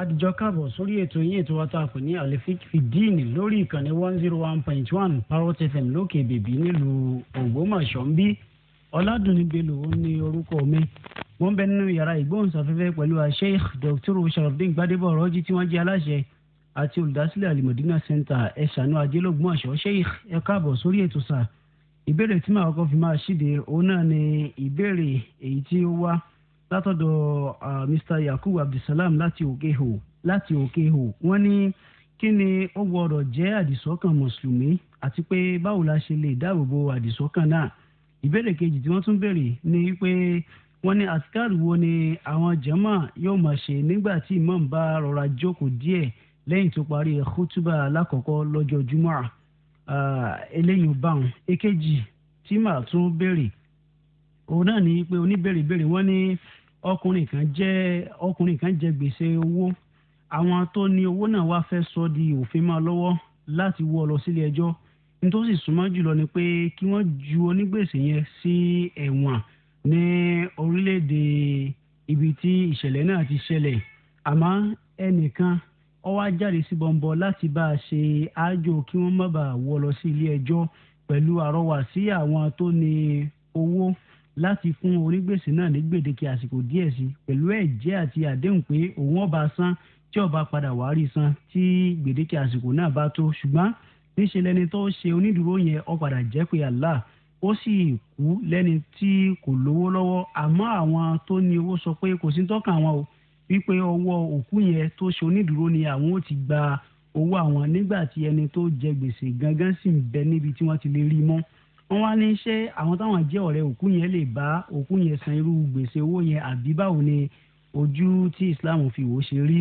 àdìjọ káàbọ̀ sórí ètò yín ètò wa tá a pè ní alefik fìdíìnì lórí ìkànnì one zero one point one parrot fm lókè bèbí nílùú ògbómọ̀ṣọ́ ń bí ọ̀làdùnní bello ó ní orúkọ mi wọ́n ń bẹ nínú yàrá ìgbóhùnsáfẹ́fẹ́ pẹ̀lú sheikh dr sharafdin gbadebo ọ̀rọ̀jì tí wọ́n jẹ́ aláṣẹ àti olùdásílẹ̀ alimọ̀dínà center ẹ̀ṣánú ajẹ́lógúnmọ̀ṣọ́ sheikh ẹ káàbọ̀ sórí ètò sáà ìbéèrè tí màá kọ́ fi máa ṣíde òun náà ni ìbéèrè èyí tí ó wá látọ̀dọ̀ Mr Yakubu Abdulsalam láti Òkèhò láti Òkèhò wọ́n ní kí ni ó gbọ́dọ̀ jẹ́ àdìsọ́kàn mùsùlùmí àti pé báwo la ṣe lè dáàbòbò àdìsọ́kàn náà ìbéèrè kejì tí wọ́n tún béèrè ni pé wọ́n ní àtikáàrù wo ni àwọn jàmá yóò máa ṣe nígbà tí imam bá rọra jókòó díẹ̀ lẹ́yìn tó parí kútúbà lákọ̀ọ́kọ́ lọ́jọ́ jumọ́ eléyìí báwọn èkejì tí màá tún béèrè òun náà ni pé oníbèrèbèrè wọ́n ní ọkùnrin kan jẹ ọkùnrin kan jẹ gbèsè owó àwọn tó ní owó náà wá fẹ́ sọ di òfin máa lọ́wọ́ láti wọ́ ọ lọ sílé ẹjọ́ nítòsí súnmọ́ jùlọ ni pé kí wọ́n ju onígbèsè yẹn sí ẹ̀wọ̀n ní orílẹ̀-èdè ibi tí ìṣẹ̀lẹ̀ náà ti ṣẹlẹ̀ àmọ́ ẹnìkan ó wá jáde sí bọ̀ǹbọ̀ láti bá a ṣe àájò kí wọ́n má bàa wọ́ lọ sí ilé ẹjọ́ pẹ̀lú àrọwà sí àwọn tó ní owó láti fún onígbèsè náà ní gbèdéke àsìkò díẹ̀ sí pẹ̀lú ẹ̀jẹ́ àti àdéhùn pé òun ọba san tí ọba padà wá rí san tí gbèdéke àsìkò náà bá tó ṣùgbọ́n níṣẹ́ lẹni tó ṣe onídùúró yẹn ó padà jẹ́ pé Allah ó sì kú lẹ́ni tí kò lówó lọ́wọ́ àmọ́ àwọn tó ní owó sọ pé kò sí tọ́ka àwọn o wípé ọwọ́ òkú yẹn tó ṣe onídùúró ni àwọn ò ti gba owó àwọn nígbà tí ẹni tó jẹ gbèsè gangan sì ń bẹ níbi tí wọ́n ti lè rí mọ́ wọ́n wá ní ṣé àwọn táwọn jẹ́ ọ̀rẹ́ òkú yẹn lè bá òkú yẹn san irú gbèsè owó yẹn àbí báwo ni ojú tí islam fi wò ṣe rí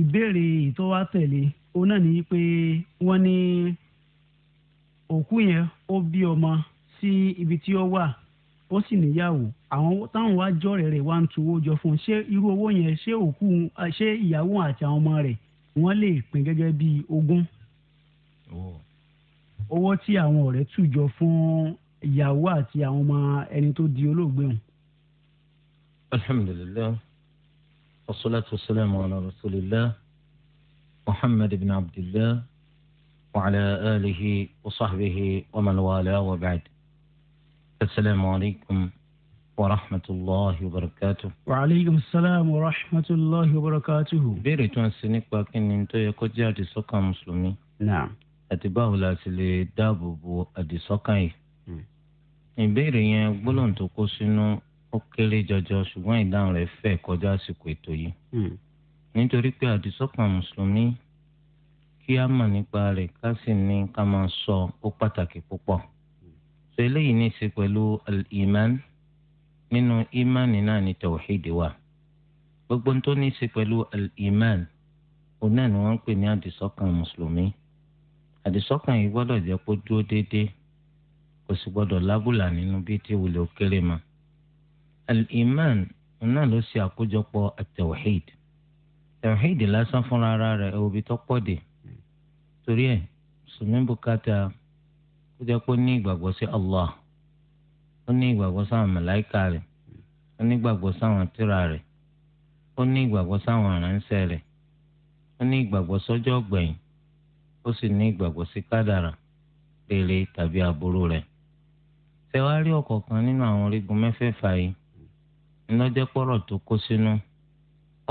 ìbéèrè ìtọ́wá tẹ̀lé òun náà ní pé wọ́n ní òkú yẹn ó bí ọmọ sí ibi tí ó wà ó sì níyàwó àwọn táwọn wá jọ̀rẹ̀ rẹ̀ wá ń tuwó jọ fún un ṣé irú owó yẹn ṣé òkú ṣé ìyàwó àti àwọn ọmọ rẹ̀ wọ́n lè pín gẹ́gẹ́ bí ogún owó tí àwọn ọ̀rẹ́ tù jọ fún ìyàwó àti àwọn ọmọ ẹni tó di olóògbé hùn. alhamdulilayi wasalaatu wasalaamu ala rasulillah muhammad ibn abdillah wa ala alihi wa sahbihi wa man wala wa ba'd asalaamu alaykum. aleykum ورحمة الله وبركاته وعليكم السلام ورحمة الله وبركاته بيري تون سنك باكين انتو يكو جاتي سوكا مسلمي نعم àti báwo la ti lè dáàbò bo àdìsọ́kàn yìí. Hmm. ìbéèrè yẹn gbólóhùn tó kó sínú ó kéré jọjọ ṣùgbọ́n ìdáhùn rẹ̀ fẹ̀ kọjá àsìkò ètò yìí. Hmm. nítorí pé àdìsọ́kàn mùsùlùmí kí a mọ̀ nípa rẹ̀ ká sì ní ká máa sọ ó pàtàkì púpọ̀. sọ eléyìí ní í ṣe pẹ̀lú al-iman nínú ìmánì náà ní tawhid wà. gbogbo tó ní í ṣe pẹ̀lú al òun náà ni wọ́n ń pè ní àdìsọ́kàn mùsùlùmí. àdìsọ́kàn yìí gbọ́dọ̀ jẹ́ kó dúró déédéé kò sì gbọ́dọ̀ lábùlà nínú bí tí wulẹ̀ ó kéré ma. al-iman náà ló ṣe àkójọpọ̀ tawhid tawhid lásán fúnra ara rẹ̀ òbí tó torí ẹ̀ sùnmí kó ní ìgbàgbọ́ sí ó ní ìgbàgbọ́ sáwọn ó ní ìgbàgbọ́ ó sì ní ìgbàgbọ́ sí kádàrà rere tàbí aburú rẹ̀. rí ọ̀kọ̀ọ̀kan nínú àwọn orígun mẹ́fẹ̀ẹ̀fà yìí ńlọ́jẹ́ pọ̀rọ̀ tó kó sínú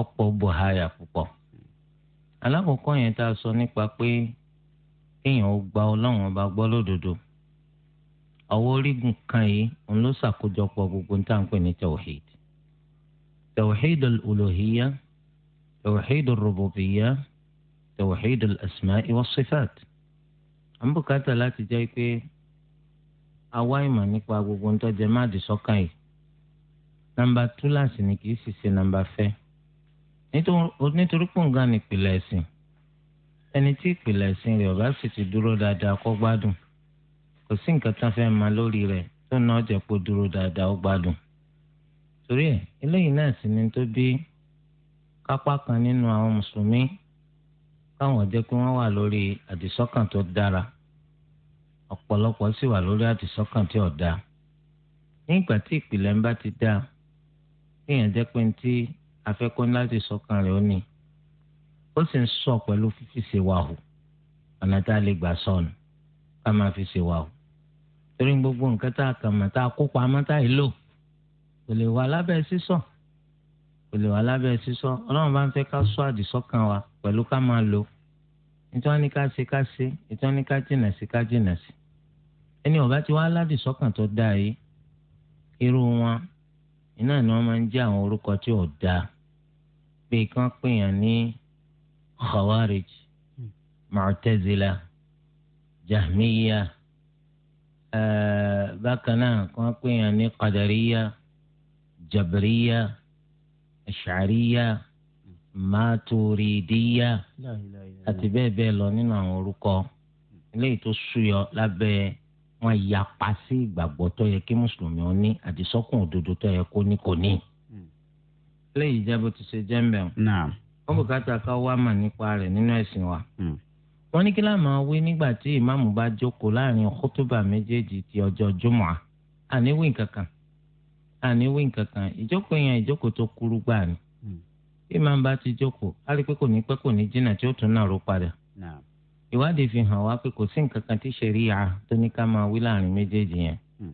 ọ̀pọ̀ buhaya púpọ̀. alákọ̀ọ́kọ́ yẹn tá a sọ nípa pé kéèyàn ó gba ọba gbọ́ lódodo orígun kan yìí òun ló ṣàkójọpọ̀ gbogbo ní tawhid tawhid tawhid توحيد الأسماء والصفات أم بكات لا تجاي كي أواي ما نكوا غوغون تو جماعة دي سوكاي نمبر تو لا سنكي سيسي نمبر فيه nítorí pòǹgà ní ìpìlẹ̀ ẹ̀sìn ẹni tí ìpìlẹ̀ ẹ̀sìn rẹ̀ ọ̀gá sì ti dúró dáadáa kó gbádùn kò sí nǹkan tán fẹ́ máa lórí rẹ̀ tó náà jẹ́ kó dúró dáadáa ó gbádùn. torí ẹ̀ eléyìí náà sì ni tó bí kápá kan nínú àwọn mùsùlùmí káwọn jẹ́ pé wọ́n wà lórí àdìsọ́kàn tó dára ọ̀pọ̀lọpọ̀ sì wà lórí àdìsọ́kàn tí ò dáa ní ìgbà tí ìpìlẹ̀ ń bá ti dáa kéèyàn jẹ́ pé tí afẹ́kọ́ láti sọ́kàn rẹ̀ ó ní ó sì ń sọ pẹ̀lú fífi ṣe wàhù ọ̀nà tá a lè gbà sọnù ká máa fi ṣe wàhù torí gbogbo nǹkan tá a kàn mọ̀ tá a kó pamọ́ tá a lò kò lè wà lábẹ́ sísọ kò lè wà lábẹ́ sísọ ọlọ́run bá ń fẹ́ ká sọ àdìsọ́kàn wa pẹ̀lú ká máa lò ìtàn ní ká ṣe ká ṣe ìtàn ní ká jìnà sí ká jìnà sí ẹni ọba tí wàá ládì sọ́kàn tó dáa yìí irú wọn iná ni wọ́n máa ń jẹ́ àwọn orúkọ tí ò dáa bíi kán pèèyàn ní khawarij mu'tazila jahmiya eh, bákan náà kán pèèyàn ní qadariya jabriya ashariya màtúrídíyà àti bẹ́ẹ̀ bẹ́ẹ̀ lọ nínú àwọn orúkọ eléyìí tó súyọ lábẹ́ wọn yapa sí ìgbàgbọ́ tó yẹ kí mùsùlùmí ó ní àdìsọ́kùn òdodo tó yẹ kó ní kò ní. Hmm. eléyìí jẹ́ bó ti ṣe jẹ́ ń bẹ̀rù. wọ́n bùkátà ká wá mà nípa rẹ̀ nínú ẹ̀sìn wa. Hmm. wọ́n ní kí láà máa wí nígbà tí ìmáàmù bá jókòó láàrin kótóbà méjèèjì ti ọjọ́ jùmọ̀á àníwìn kankan àníwìn kankan ìjókòó yẹn ìjókòó tó kúrú gbà ni bí màá bá ti jókòó á rí i pé kò ní pẹ́ kò ní jìnnà tí ó tún náà ró padà. ìwádìí fi hàn wá pé kò sí nǹkan kan tí ṣẹ̀ríà tó ní ká máa wí láàrin méjèèjì yẹn. Hmm.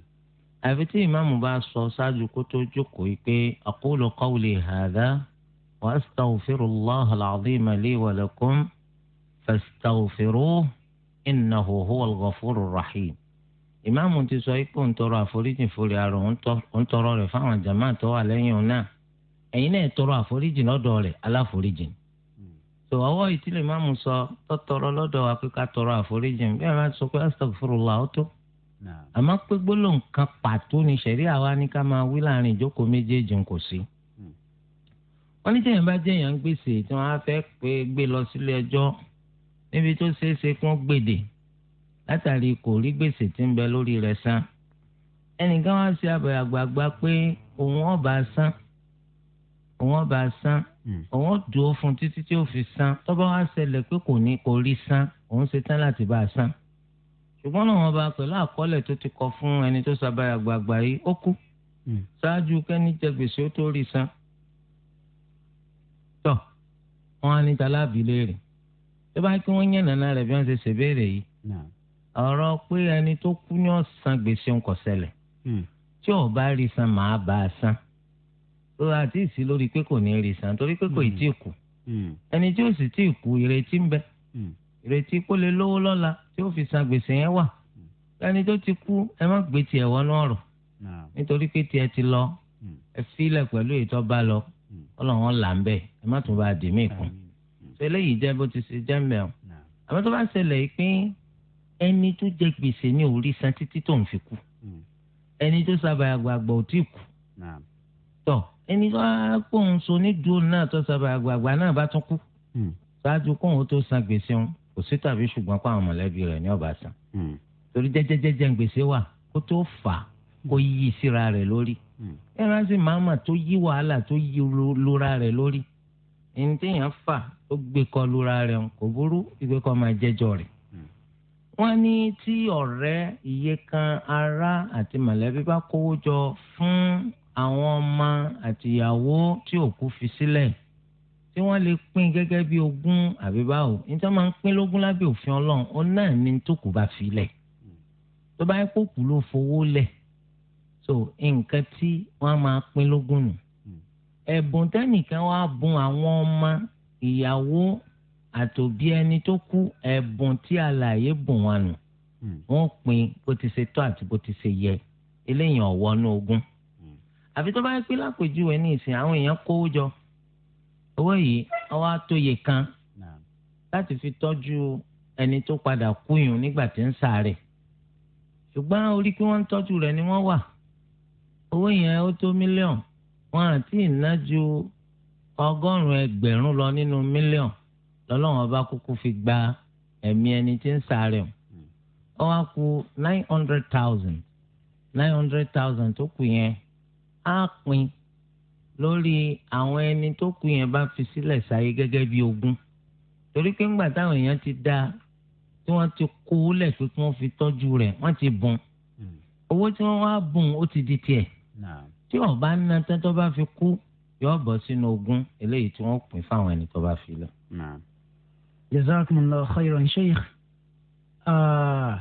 àfi tí ìmáàmù bá sọ ṣáájú kó tó jókòó yìí pé aqulu qawli hadha wa astaghfirullaha al-azima li wa lakum fastaghfiruhu innahu huwal ghafurur ti sọ ipò ń tọrọ àforíjì forí ara òun tọrọ rẹ̀ fáwọn jàmáà tó wà lẹ́yìn náà ẹ̀yin náà tọrọ àforíjì lọ́dọ̀ rẹ̀ aláforíjì hmm. tó ọwọ́ ìtìlẹ̀ máa mú sọ tọ́tọrọ lọ́dọ̀ wa pé ká tọrọ àforíjì bẹ́ẹ̀ máa sọ pé astagfirullah ó tó àmọ́ pé gbólóhùn kan pàtó ni ṣẹ̀rí àwa ní ká máa wí láàrin ìjókòó méjèèjì kò sí. Hmm. wọ́n ní tẹ̀yìn bá gbèsè tí wọ́n á fẹ́ pé gbé lọ sílé ẹjọ́ níbi tó ṣeé ṣe kí gbèdè látàrí kò rí gbèsè tí òun bá san òun hmm. dúró fún títí tí ó fi san tọ́ba wá ṣẹlẹ̀ pé kò ní kò rí san òun ṣe tán láti bá a san ṣùgbọ́n náà wọn bá pẹ̀lú àkọọ́lẹ̀ tó ti kọ fún ẹni tó ṣàbàyà gbàgbà yìí ó kú hmm. ṣáájú kẹ́ni jẹ gbèsè ó tó rí san tọ́ wọn á ní talábì léèrè tó bá kí wọ́n yẹn nàná rẹ̀ bí wọ́n ṣe ṣèbéèrè yìí ọ̀rọ̀ pé ẹni tó kú ní ọ̀sán gbèsè ń kọ̀ ṣẹlẹ̀ hmm. tí ò bá rí san màá bá a san. Hmm rọra àti ìsí lórí pé kò ní rí san torí pé kò ì hmm. tí ì kú hmm. ẹni tí ó sì tí ì kú ìrètí ń bẹ hmm. ìrètí kó lè lówó lọ́la tí ó fi san gbèsè yẹn wà ẹni tó ti kú ẹ má gbé tiẹ̀ wọnú ọ̀rọ̀ nítorí pé tiẹ̀ ti lọ ẹ filẹ̀ pẹ̀lú ètò bá lọ ọlọ́run là ń bẹ̀ ẹ má tún bá a dì mí kù ṣe eléyìí jẹ́ bó ti ṣe jẹ́ mẹ́ àmọ́ tó bá ń ṣẹlẹ̀ yìí ẹni tó jẹ gbèsè ní orí san títí tó ń fi kú ẹni tó sábà àgbààgbà ò tí kú tọ̀ ẹni tó á pòun so nídùú náà tó sábà àgbààgbà náà bá tún kú hmm. ṣáájú kóun tó san gbèsè òun kò sí tàbí ṣùgbọ́n pa àwọn mọ̀lẹ́bí rẹ̀ ní ọ̀bà san hmm. torí jẹ́jẹ́jẹ́jẹ́ gbèsè wà kó tó fà á kó yí síra rẹ̀ lórí hmm. ẹran sì máàmà tó yí wàhálà tó yí lura rẹ̀ lórí ẹni téèyàn fà ó gbé kọ lura rẹ̀ kò burú ìgbé kọ́ máa jẹ́jọ́ rẹ̀ wọ́n ní tí ọ̀rẹ́ iye àwọn ọmọ àtìyàwó tí òkú fi sílẹ̀ tí wọ́n lè pín gẹ́gẹ́ bí ogún àbí báwo níta máa ń pín lógún lábẹ́ òfin ọlọ́run ó náà ní tókù bá filẹ̀ tó bá yẹ kó kù ló fowó lẹ̀ so nǹkan tí wọ́n máa pín lógún nù ẹ̀bùn tẹ́nìkan wá bùn àwọn ọmọ ìyàwó àtòbí ẹni tó kú ẹ̀bùn tí alààyè bùn wọn nù wọ́n pín bó ti ṣe tọ́ àti bó ti ṣe yẹ eléyìí ọ̀wọ́ ní ogún. No àfi tó bá yẹ pé lápèjúwe ní ìsìn àwọn èèyàn kówó jọ owó yìí ọwọ́ àtòyè kan láti fi tọ́jú ẹni tó padà kúyùn nígbà tí ń sàárẹ̀ ṣùgbọ́n orí pé wọ́n ń tọ́jú rẹ̀ ni wọ́n wà owó yẹn ó tó mílíọ̀nù wọn àti ìná ju ọgọ́rùn-ún ẹgbẹ̀rún lọ nínú mílíọ̀nù lọ́lọ́wọ́n bá kúkú fi gba ẹ̀mí ẹni tí ń sàárẹ̀ hmm. ó wá kù nine hundred thousand nine hundred thousand tó kù yẹn á pín lórí àwọn ẹni tó kù yẹn bá fi sílẹ̀ sáyé gẹ́gẹ́ bí ogún torí pé ńgbà táwọn èèyàn ti dá tí wọ́n ti kó lẹ̀ pé kí wọ́n fi tọ́jú rẹ̀ wọ́n ti bùn hmm. owó tí wọ́n wá bùn ó ti di tiẹ̀ tí wọ́n bá ná tán tó bá fi kú yóò bọ́ sínú ogún eléyìí tí wọ́n pín fáwọn ẹni tó bá fi lọ. jazakumullahu khairan sheikh. Uh,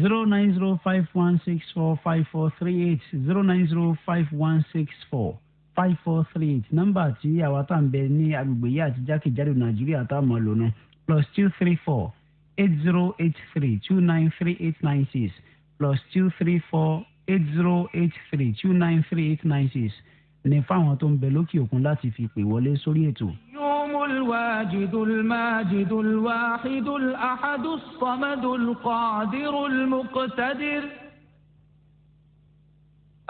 zero nine zero five one six four five four three eight zero nine zero five one six four five four three eight nọ́mbà tí àwa tá ń bẹ ní agbègbè yìí àti jákèjádò nàìjíríà tá a mọ̀ lónà plus two three four eight zero eight three two nine three eight nine six plus two three four eight zero eight three two nine three eight nine six ní fáwọn tó ń bẹ lókè òkun láti fi pè wọlé sórí ètò. الواجد الماجد الواحد الأحد الصمد القادر المقتدر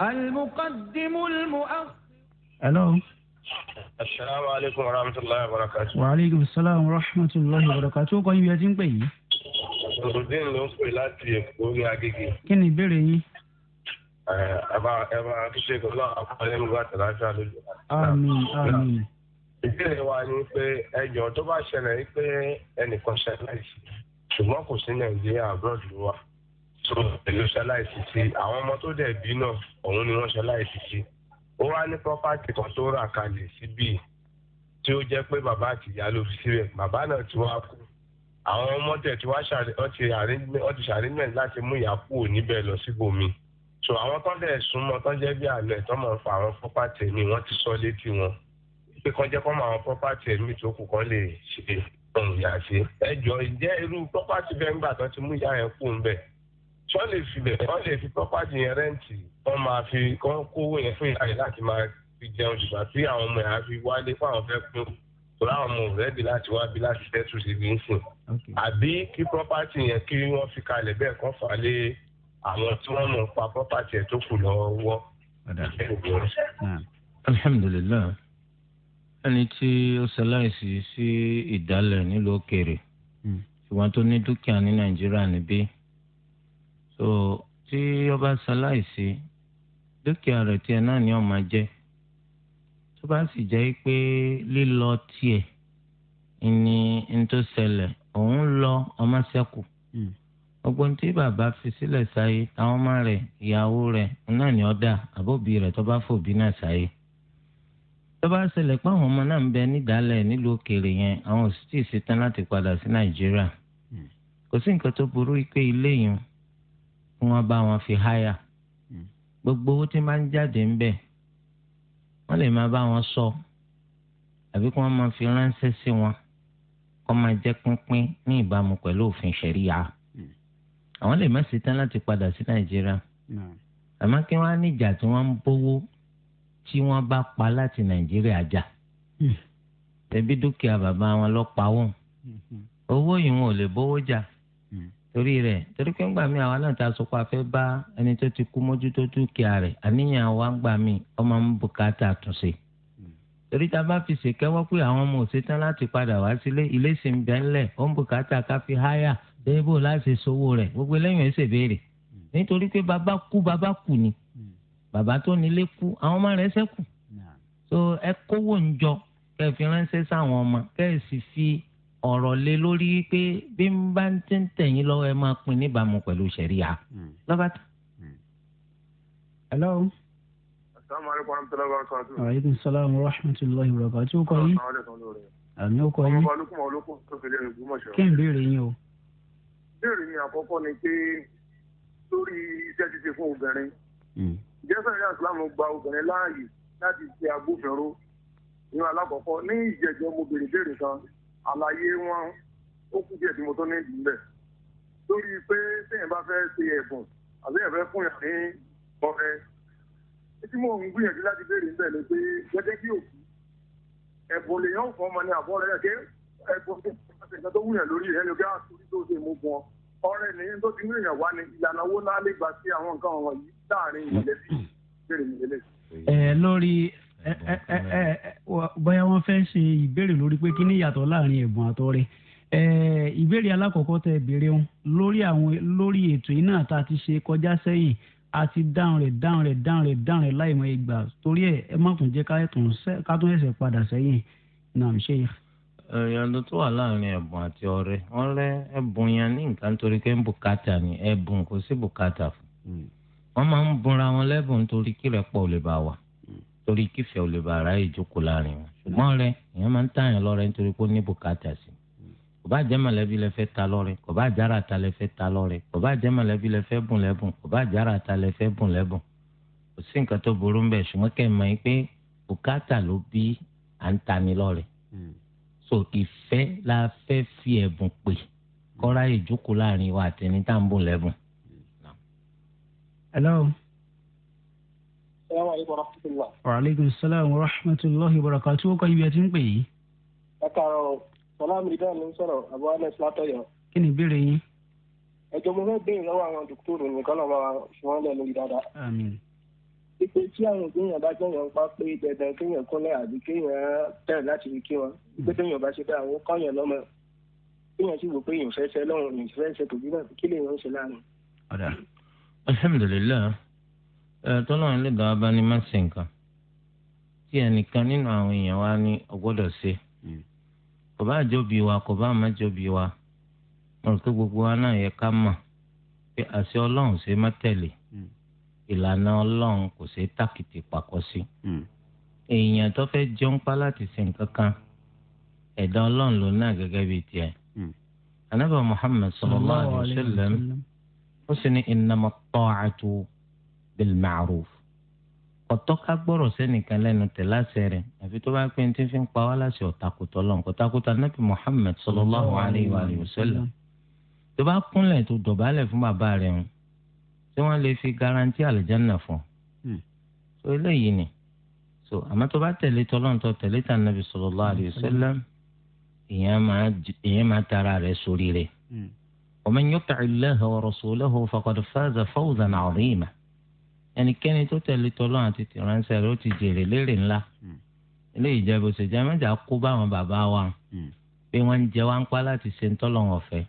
المقدم المؤخر ألو السلام عليكم ورحمة الله وبركاته وعليكم السلام ورحمة الله وبركاته kọ́ ibi ẹ ti ń pè yìí. Òrùdín ló ń pè láti Èkó أبا أبا ni ìbéèrè yín? Ẹ máa ẹ ìbéèrè wa ni pé ẹjọ́ tó bá ṣẹlẹ̀ pé ẹnìkan ṣaláìsí ṣùgbọ́n kò sí nàìjíríà abroad ló wà tó èlò ṣaláìsí sí àwọn ọmọ tó dẹ̀ bí náà òun ni wọ́n ṣaláìsí sí ó wá ní pọ́pátì kan tó rà kalẹ̀ síbí tí ó jẹ́ pé bàbá àti ìyá ló fi síbẹ̀ bàbá náà ti wá kú àwọn ọmọ tẹ̀ tí wọ́n ti ṣàrímẹ̀ láti mú ìyá kúrò níbẹ̀ lọ síbòmíì so àwọn tó dẹ̀ súnmọ́ tó jẹ́ bí àlọ́ ẹ̀ tó máa ń fa àwọn pọ́pátì ni wọ́n ti sọ létí wọn pé kọjá kọ́ máa property ẹ̀mí tó kù kọ́ lè ṣe ohun ìyá ṣe. ẹ jọ ìjẹ́ irú property bẹ́ẹ̀ ńgbà tó ti mú ìyá yẹn kú ń bẹ̀. tí wọ́n lè fi bẹ̀ wọ́n lè fi property yẹn rẹ́ǹtì wọ́n máa fi kọ́ kówó yẹn fún ìyá yẹn láti máa fi jẹun ṣùgbọ́n tí àwọn ọmọ yẹn á fi wálé fún àwọn fẹ́ kú tó láwọn ọmọ rẹ́dì láti wá bí láti tẹ́tù sí ní sùn. àbí kí property yẹn kí wọ́n fi kalẹ̀ bẹ́ẹ̀ kọ́ fà lé àwọn tí wọ́n mọ̀ pa property yẹn tó kù lọ́wọ́. alhamdulilayi ẹni tí ó ṣaláìsí sí ìdálẹ̀ nílùú òkèèrè hmm. ṣùgbọ́n tó ní dúkìá ní nàìjíríà níbí so tí ó bá ṣaláìsí dúkìá rẹ̀ tiẹ̀ náà ni ó máa jẹ́ tó bá sì jẹ́ pé lílọ tiẹ̀ ni n tó ṣẹlẹ̀ òun lọ ọmọ ṣẹ́kù ọgbọ́n hmm. tí bàbá fi sílẹ̀ sáyé àwọn ọmọ rẹ̀ ìyàwó rẹ̀ náà ni ó dà àbóbí rẹ̀ tó bá fòbí náà sáyé tó bá ṣẹlẹ̀ pé àwọn ọmọ náà ń bẹ nídàálẹ̀ nílùú òkèèrè yẹn àwọn ò sì tí ì ṣetán láti padà sí nàìjíríà hmm. kò sí nǹkan tó burú pé ilé yìí kí wọ́n bá wọn fi háyà hmm. gbogbo owó tí máa ń jáde ń bẹ̀ wọ́n lè máa bá wọn sọ àbí kí wọ́n máa fi ránṣẹ́ sí wọn kó máa jẹ́ pínpín ní ìbámu pẹ̀lú òfin ṣẹ̀ríya hmm. àwọn lè má ṣetán láti padà sí nàìjíríà àmọ́ kí wọ́n á níjà tí wọ́n ń bówó tí wọ́n bá pa láti nàìjíríà jà hmm. tẹ̀bí dúkìá bàbá wọn lọ pa wọ́n hmm. owó yìí wọn ò lè bówó jà hmm. torí rẹ̀ torí pé ńgbà mí àwa náà ta sọ pé a fẹ́ bá ẹni tó ti kú mójútó dúkìá rẹ̀ àníyàn wa ńgbà mí ọmọ ń bùkátà àtúnṣe torí tá a bá fi ṣèkẹ́wọ́ pé àwọn ọmọ òṣètán láti padà wá sílé ilé sì ń bẹ́ ńlẹ̀ ó ń bùkátà ká háyà déébò láti ṣòwò rẹ̀ gbogbo eléyìí ń ṣèbéèrè nítorí pé bàbá kú ni bàbá tó nílé kú àwọn ọmọ rẹ̀ ṣẹ́kù so ẹ kówó ń jọ kẹ́ fi ránṣẹ́ sáwọn ọmọ kẹ́ ẹ sì fi ọ̀rọ̀ lé lórí pé bí n bá ń tẹ́ ń tẹ̀yìn lọ́wọ́ ẹ máa pín níbàámu pẹ̀lú ṣẹ̀ríà hmm. lọ́ba tó. Hmm. hello. asalaamualeykum wa rahmatulahi wa barakatuh. aleykum salaam wa rahmatulahi wa barakatuh. kọ́ yín. àmì ó yín. kí n béèrè yín o. béèrè mi àkọ́kọ́ ni pé lórí iṣẹ́ ti ṣe fún obìnrin. Hmm jẹ́sẹ̀ ní islam gba obìnrin láàyè láti ṣe agbófinró ní alákọ̀ọ́kọ́ ní ìjẹ́jọ́ mo béèrè béèrè kan àlàyé wọn ó kú díẹ̀ tí mo tó ní ìdí mbẹ̀ lórí pé téèyàn bá fẹ́ ṣe ẹ̀bùn àbí ẹ̀fẹ́ fún yàn ní ọrẹ tí mo ń gbìyànjú láti béèrè mbẹ̀ ni pé gẹ́gẹ́ bí òkú ẹ̀bùn lèèyàn fún ọmọ ní àbọ̀ rẹ̀ kẹ́ ẹ̀bùn tó wúyàn lórí ẹ̀ lókè àtúntò tó ṣe mú fún ọ ọrẹ nìyẹn tó ti ń rìnyàn wá ní ìlànà owó náà lè gbà sí àwọn nǹkan wọ̀nyí láàrin ìmọ̀lẹ́bí ìbéèrè mi lélẹ̀. ẹ lórí bóyá wọ́n fẹ́ ṣe ìbéèrè lórí pé kí ni ìyàtọ̀ láàrin ẹ̀bùn àtọrẹ ìbéèrè alákọ̀ọ́kọ́ tẹ béèrè wọn lórí àwọn lórí ètò iná tá a ti ṣe kọjá sẹ́yìn a ti dáhùn rẹ̀ dáhùn rẹ̀ dáhùn rẹ̀ dáhùn rẹ̀ láì mọ ìgbà torí ẹ̀ ẹ má tún jẹ́ ká tún ẹsẹ̀ padà sẹ́yìn náà ṣe yìí ìyàtọ̀ tó wà láàrin ẹ̀bùn àti ọrẹ ọrẹ ẹ̀bùn yẹn ní nǹkan torí pé ń bùkátà ni ẹ̀bùn kò sí bùkátà fún hmm wọ́n máa ń bunra wọn lẹ́bùn torí kí rẹ̀pọ̀ ò lè bá wà hmm. torí kífẹ̀ ò lè bá ara ìjókòó láàrin wọn ṣùgbọ́n rẹ èèyàn máa ń tààyàn lọ́rẹ́ nítorí pé ó ní bùkátà sí hmm. kò bá jẹ́ mọ̀lẹ́bí lẹ fẹ́ ta lọ́rẹ́ kò bá jára ta lẹ ta lọ́rẹ́ kò bá jẹ́ mọ̀lẹ́bí lẹ bùn lẹ́bùn kò bá jára ta lẹ bùn lẹ́bùn kò sí nǹkan tó burú ń bẹ̀ ṣùgbọ́n kẹ́ ẹ̀ pé bùkátà ló bí à ń tani lọ́rẹ́ hmm. so ìfẹ́ la fẹ́ fi ẹ̀bùn pè kọ́ra ìjókòó láàrin wa àtẹni tá hello. wàhálẹ́kùn sálàm rahmatulahi baraka tí ó kọ́ ibi ẹ ti ń pè yìí. ẹ kàrọ̀ sọláàmù ìdá mi ń sọ̀rọ̀ àbúrò alex látọ̀yọ̀. kí ni ìbéèrè yín. ẹjọ́ mo fẹ́ béèrè lọ́wọ́ àwọn dòkítọ́rù nìkan lọ́wọ́ fi wọ́n lẹ̀ lórí dáadáa. àmín. pípé tí àwọn èèyàn bá jẹ́yàn ń pa pé dandan kéèyàn kúnlẹ̀ àbí kéèyàn bẹ̀rẹ̀ láti fi kí wọn pípé téèyàn bá ṣe bẹ́ẹ̀ àwọn kọ́yàn lọ́mọ kéèyàn sì wò pé èèyàn fẹ́ fẹ́ lọ́rùn èèyàn fẹ́ fẹ́ tòbí náà kí lèèyàn ń ṣe láàrin. alhamdulilayi eh, tọ́lá ń lè dá abánimásìn nǹkan tí ẹnìkan nínú àwọn èèyàn wa ní ọgbọ́dọ̀ ṣe hmm. kò bá jọ̀bi wa kò bá má jọ̀bi wa mo rò gbogbo wa náà yẹ ká mọ̀ pé àṣẹ ọlọ́run ṣe má tẹ̀lé hmm. ìlànà ọlọ́run kò ṣe tàkìtì pàkọ́ sí hmm. èèyàn tó fẹ́ jẹun pa láti ṣe kan ẹ̀dá ọlọ́run ló náà gẹ́gẹ́ bíi tiẹ̀ anábà ó sì ní innama ta'atu bil ma'ruf ọ̀tọ́ká gbọ́rọ̀ sẹ́nìkan lẹ́nu tẹ̀ láṣẹ rẹ̀ àfi tó bá pé ní tí fi ń pa wá láṣẹ ọ̀takùtọ̀ lọ́n kọ́takùtà nàbì Muhammad sallallahu alayhi wa sallam tó bá kúnlẹ̀ tó dọ̀bálẹ̀ fún bàbá rẹ̀ ń tí wọ́n lè fi garanti àlùjánnà fún un hmm. eléyìí ni so àmọ́ tó bá tẹ̀lé tọ́lọ́n tẹ̀lé tà nàbì sallallahu alayhi rẹ̀ sórí rẹ̀. Hmm. ومن يطع الله ورسوله فقد فاز فوزا عظيما ẹnikẹ́ni tó tẹ̀lé tọ́lọ́ àti tìránṣẹ́ ló ti jèrè lérè ńlá ilé hmm. ìjẹ́bù ṣèjà mẹ́ta kú báwọn bàbá wa hmm. pé wọ́n ń jẹ wá ń pa láti ṣe ń tọ́lọ̀ wọn fẹ́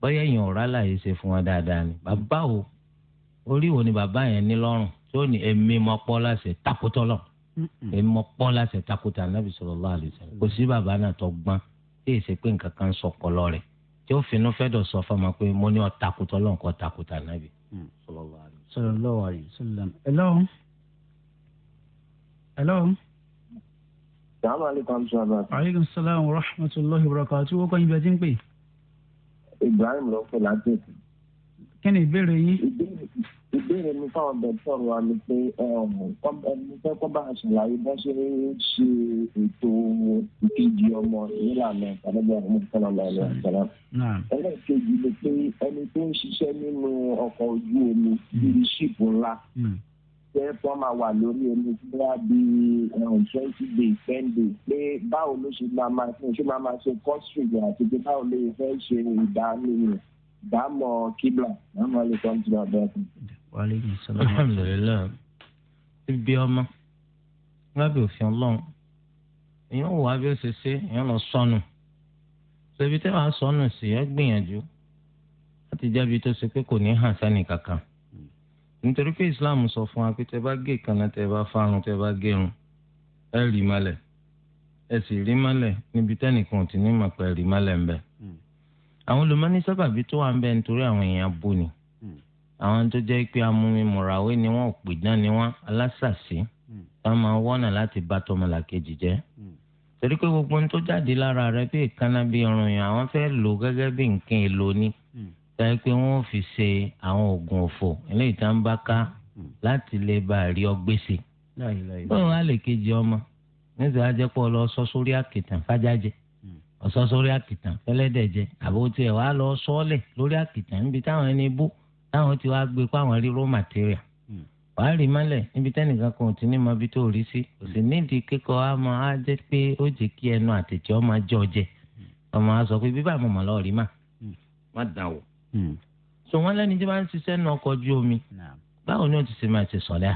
bóyá èèyàn ò rálà yìí ṣe fún wọn dáadáa ni bàbá wo orí wo ni bàbá yẹn ní lọ́rùn tó ní èmi mọ́ pọ́ láṣẹ takótọ́lọ̀ hmm. èmi mọ́ pọ́ láṣẹ takótà nàbì sallallahu alaihi wasallam kò sí bàbá náà tó gbọ́n tí èsì pé nǹkan kan sọ pọ̀ lọ́rẹ̀ẹ́ tí ó ń finú fẹ́ dọ̀ sọ fún ọmọ pé mo ní ọ̀takùtà ọlọ́run kọ́ hmm, sallallahu alaihi wasallam. hello. hello. salaamu aleykum salaam. aleykum salaam wa rahmatulahi wa barakatuh wọ́n kọ́ yín bí ẹ ibrahim ló fẹ́ láti. kí ni ìbéèrè yín ìbéèrè mi fáwọn dọ́kítọ̀ wa ni pé ẹni fẹ́ kọ́ bá a ṣàlàyé bá ṣe ń ṣe ètò ìkejì ọmọ nílànà ìpàdébọ̀ ọmọ ìpàdébọ̀ ọmọ ìpàdébọ̀ ẹlẹ́ẹ̀kejì ni pé ẹni tó ń ṣiṣẹ́ nínú ọkọ̀ ojú omi bíi ṣíìpù hmm. ńlá jẹ́ kí wọ́n máa wà lórí omi bíra bíi um, twenty days ten days pé báwo ló ṣe máa máa ṣe máa máa ṣe kọ́sìtì àti pé báwo ló ṣe fẹ́ ṣe ìdánimọ̀ dààmú kíbla dààmú alẹ́kọ̀ọ́ ti bá bẹ́ẹ̀ kù. wàlẹ́kùn sọlá alhamdulilayi ibi ọmọ lábẹ́ òfin ọlọ́run èèyàn wò wá bí ó ṣe ṣe èèyàn lọ sọnù ṣèbí tẹ́ wàá sọnù sí ẹ gbìyànjú láti jábí tó ṣe pé kò ní hàn sẹ́ni kankan nítorí pé Islam sọ fún wa pé tẹ́ bá gé ìkànnà tẹ́ bá fárun tẹ́ bá gérun ẹ rí malẹ̀ ẹ sì rí malẹ̀ níbi tẹ́nìkan ò ti ní mọ̀ pé rí malẹ̀ ń bẹ́ẹ̀ àwọn olùmọ́ni sábàbí tó wà ń bẹ nítorí àwọn èèyàn bò ní hmm. àwọn tó jẹ́ pé amúmimùràwé ni wọ́n pìdán ni wọ́n alásàsí hmm. wọ́n máa wọ́nà láti bá tọmọlàkejì jẹ́ hmm. torí pé gbogbo ohun tó jáde lára rẹ bí ìkànnà bí irun yẹn àwọn fẹ́ lò gẹ́gẹ́ bí nǹkan èlò ni táyé pé wọ́n fi ṣe àwọn oògùn òfò eléyìí tá ń bá ká láti lè bá rí ọgbẹ́sẹ̀ báwọn á lè kejì ọmọ nígbà ajẹ́pọ̀ lọ sọ sórí àkìtàn fájájẹ́ ọ̀sán sórí àkìtàn pẹ́lẹ́dẹ̀ jẹ àbò tiẹ̀ wá lọ sọ́ọ̀lẹ̀ lórí àkìtàn níbi táwọn ẹni bú táwọn ti wá gbé pa àwọn rí raw material hmm. wàá rí mọ́lẹ̀ níbi tẹ́nìkan kan ò ti ní mọ ibi tó rí sí kò sì hmm. nídìí kíkọ́ á mọ á jẹ́ pé ó jẹ́ kí ẹnu àtẹ̀jẹ́ ọmọ jọ jẹ hmm. ọmọ á sọ pé bíbá àmọ́ mọ̀ lọ́ọ́ mà má dà wọ̀. sọ wọn lẹ́ni tí wọ́n ń ṣiṣẹ́ nu ọkọ̀ ojú omi báwo ni ó ti ṣe máa ṣe sọ̀lẹ́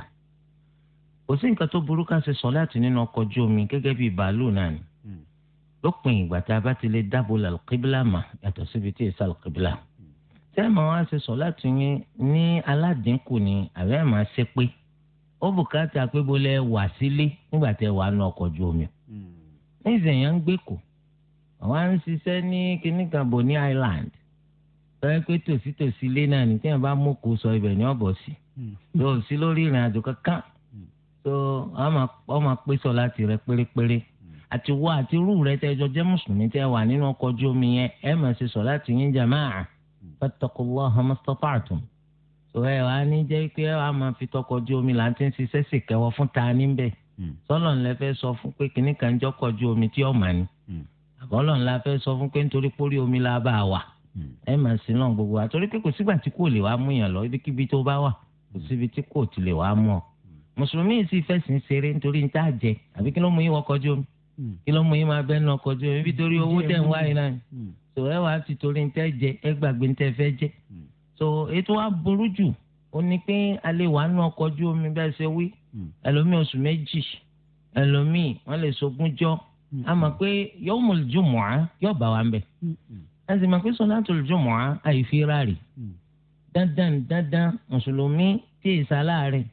kò sí nǹkan tó burú ká ṣe sọ̀lẹ́ àti nínú ọkọ̀ ojú omi gẹ́gẹ́ bíi bàálù náà ni lópin ìgbà tá a bá ti lè dábò làlùkíbílà mà yàtọ̀ síbi tí èsà lùkíbílà tẹ́ ẹ̀ máa wá ṣe sọ láti yín ní aládínkù ni àbẹ́ ẹ̀ máa ṣe pé ó bùkátà pé bólẹ̀ wà sílé nígbà tẹ́ wàá nu ọkọ̀ ju omi hmm. ní ìsẹ̀yìn ń gbé kò àwa ń ṣiṣẹ́ ní kíníkan Bonny Island lọ́yẹ́ pé tòsítòsí ilé náà ní tẹ́yìn bá mú kó sọ ibẹ̀ ní ọ̀bọ̀ sí hmm. yóò sí lórí ìrìn àjò kankan tó hmm. wọ́n máa pèsè láti rẹ pérépéré àti wọ àti rú rẹ tẹjọ jẹ́ mùsùlùmí tẹ wà nínú ọkọ̀ ojú omi yẹn ẹ máa ṣe sọ láti yín jàmáà fattaqullaha mastata'tum tó ẹ wàá ní jẹ́ pé a máa fi tọkọ̀ ojú omi là ń ti ń ṣiṣẹ́ sì kẹwọ́ fún ta níbẹ̀ hmm. sọlọ ńlẹ fẹ́ sọ fún pé kìnnì kan jọkọ̀ ojú omi tí ọ̀ mà ní hmm. àbọ̀lọ̀ ńlá fẹ́ sọ fún pé nítorí pórí omi la bá a wà hmm. ẹ máa sin náà gbogbo wa torí pé kò sígbà tí kò lè wá mú yàn lọ ibikíbi tó bá wà kò síbi tí kò ti wá mú ọ mùsùlùmí sì fẹsìn ṣeré nítorí níta jẹ àbí kí ló mú yín wọkọ̀ ojú omi Hmm. kí ló mú yín máa bẹ́ẹ̀ náà kọjú omi bí torí hmm. owó tẹ̀ ń wá yín náà tó hmm. ẹ wàá ti torí ń tẹ́ jẹ ẹ gbàgbé ń tẹ́ fẹ́ jẹ tó ètò wa burú jù ó ní pé alẹ́ wàá náà kọjú omi bẹ́ẹ̀ ṣe wí ẹlòmíì oṣù méjì ẹlòmíì wọ́n lè sogún jọ́ a mọ̀ pé yóò mú ìjùmọ̀ á yóò bá wa ń bẹ̀ a sì mọ̀ pé sọ́nàtò ìjùmọ̀ á àyèfi ráàrì dandan dandan mùsùlùmí tí ì sá láàrin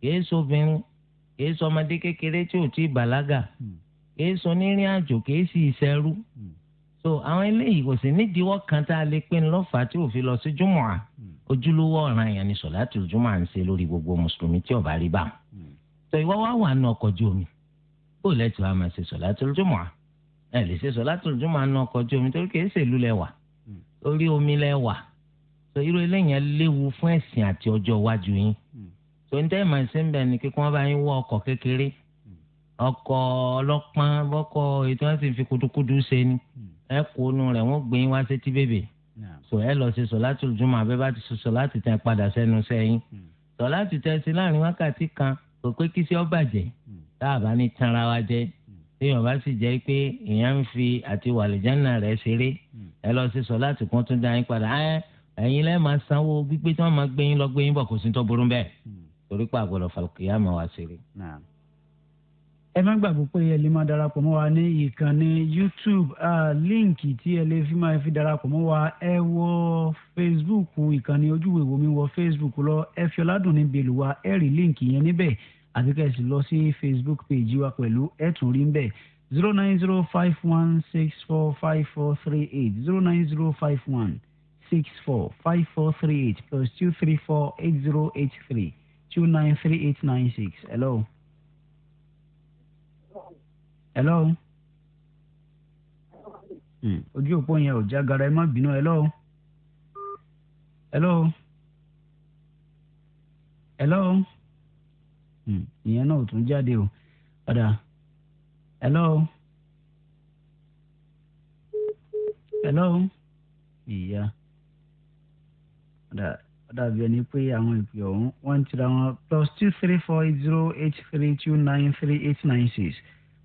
kìí sobìnrin kìí sọmọdé kékeré tí ò tí ì bàlágà kì í sun nírìn àjò kì í sì ìṣẹ́rú hmm. so àwọn eléyìí kò sí nídìíwọ́ kan tá a lè pè ní lọ́fà tí òfin lọ sí júmọ̀à hmm. ojúlówó ọ̀ràn yẹn ni sọ̀láàtì júmọ̀ à ń ṣe lórí gbogbo mùsùlùmí tí ó bá rí bá wọn. Hmm. so ìwọ wá wà nù ọkọ̀ ojú omi bó lẹ́tì wàá máa ṣe sọ̀láàtì júmọ̀ à ẹ lè ṣe sọ̀láàtì júmọ̀ à nù ọkọ̀ ojú omi torí kìí ṣèlú lẹ́wà orí omi lẹ́wà sọ irú eléyìí léwu fún ẹ̀sìn àti ọjọ́ iwájú yín. sọ ní tẹ́ ọkọ̀ ọlọ́pàá bọ́kọ̀ ètò wọn sì fi kudukudu ṣe ni hmm. ẹ kó nu rẹ̀ wọ́n gbé wá sétí bèbè sọ ẹ lọ ṣe sọ̀láàtì jùmọ̀ abẹ́ bá ti ṣe sọ̀láàtì tẹ padà sẹ́nu sẹ́yìn hmm. sọ̀láàtì tẹ sí láàrin wákàtí kan kò pé kí sí ọ bàjẹ́ hmm. tá a bá ní tanra wa jẹ́ téèyàn bá sì jẹ́ pé èèyàn ń fi àti wàlìjánà rẹ̀ ṣeré ẹ lọ ṣe sọ̀láàtì kún tún dá yín padà ẹ ẹ̀yin lẹ́ẹ̀ máa sanwó gbígbé tí wọ́n máa gbé yín lọ gbé yín bọ̀ kò sí tó burú bẹ́ẹ̀ torí pé àgbọ̀dọ̀ fàlùkìyà máa wá ṣeré ẹ má gbàgbọ́ pé ẹ lè máa darapọ̀ mọ́ wa ní ìkànnì youtube líǹkì tí ẹ lè fi máa fi darapọ̀ mọ́ wa ẹ wọ facebook ìkànnì ojúwe wo mi wọ facebook lọ ẹ fi ọ̀làdùn ní bèlú wa ẹ rí líǹkì yẹn níbẹ̀ àti ká ẹ sì lọ sí facebook page wa pẹ̀lú ẹ tún rí níbẹ̀ zero nine zero five one six four five four three eight zero nine zero five one six four five four three eight plus two three four eight zero eight three two nine three eight nine six hello hello hmm. ojú òpó yẹn ò já gara ẹ má bínú hello hello hello hmm. ìyẹn náà ò tún jáde o padà hello hello ìyá padà dàbí ẹni pé àwọn ìpè ọ̀hún wọ́n ń tira wọn plus two three four eight zero eight three two nine three eight nine six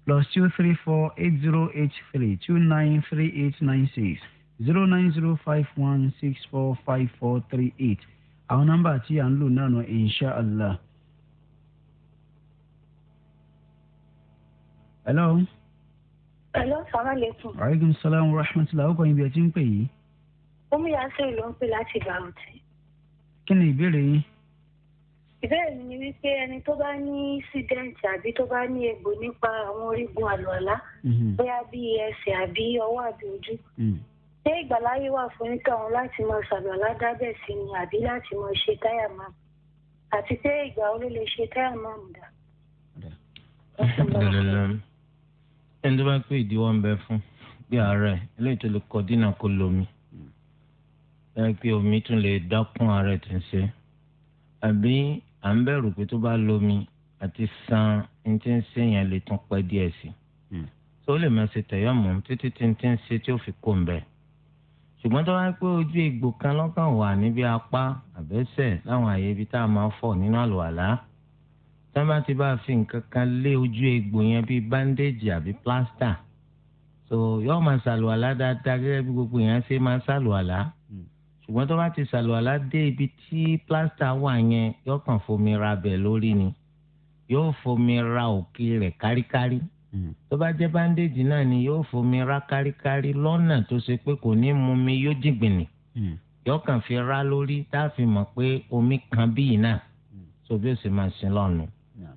plus two three four eight zero eight three two nine three eight nine six zero nine zero five one six four five four three eight àwọn nọ́mbà tí à ń lò náà nù inshàlá. hello. hello salaamaleykum. aleykum salaam wa rahmatulah ó kọ́ ibi ẹ̀ tí ń pè yìí. omi yasẹ́ ìlú ń pè láti ìgbà òtí. kí ni ìbéèrè yín ìbéèrè mi ni wípé ẹni tó bá ní sídẹ̀ǹtì àbí tó bá ní egbò nípa àwọn orígun àlọ́lá mhm. bóyá bíi ẹsẹ̀ àbí ọwọ́ àbí ojú mhm. ṣé ìgbàláyé wà fún nítọ̀hún láti máa ṣàlọ́lá dábẹ̀ sí ni àbí láti máa ṣe táyà máa àti pé ìgbà wo ló lè ṣe táyà máa mú dà. ẹni tó bá pé ìdíwọ́ ń bẹ fún bí àárẹ̀ eléyìí tó lè kọ́ dínà kó lomi mm. ẹ pé omi tún lè dákún àárẹ̀ tó ń ṣe àbí à ń bẹ̀rù pé tó bá lomi àti san ní tí ń ṣe yẹn lè tún pẹ́ díẹ̀ sí i hmm. tó lè máa ṣe tẹ̀yọ́ mọ́ títí tí ń tí ń ṣe tí ó fi kó ń bẹ̀ ṣùgbọ́n tó bá pé ojú egbò kan lọ́kàn wà níbi apá àbẹ́sẹ̀ láwọn àyè ibi tá a máa fọ̀ nínú àlùwàlá tá bá ti bá fi nǹkan kan lé ojú egbò yẹn bíi bandage àbí plaster so yóò máa ṣàlùwàlá dáadáa gẹ́gẹ́ bí gbogbo yẹn ṣe máa ṣàlùwàlá ṣùgbọ́n tó bá ti ṣàlùwàlá dé ibi tí plásítà wà yẹn yóò kàn fomi ra bẹ̀ lórí ni yóò fomi ra òkè rẹ̀ káríkárí hmm. tó bá jẹ́ báńdéèjì náà ni yóò fomi ra káríkárí lọ́nà tó ṣe pé kò ní mu mi yóò jìgbìnì hmm. yóò kàn fi ra lórí tá a fi mọ̀ pé omi kan bíi náà tó hmm. bí ó sì máa sin lọ́nu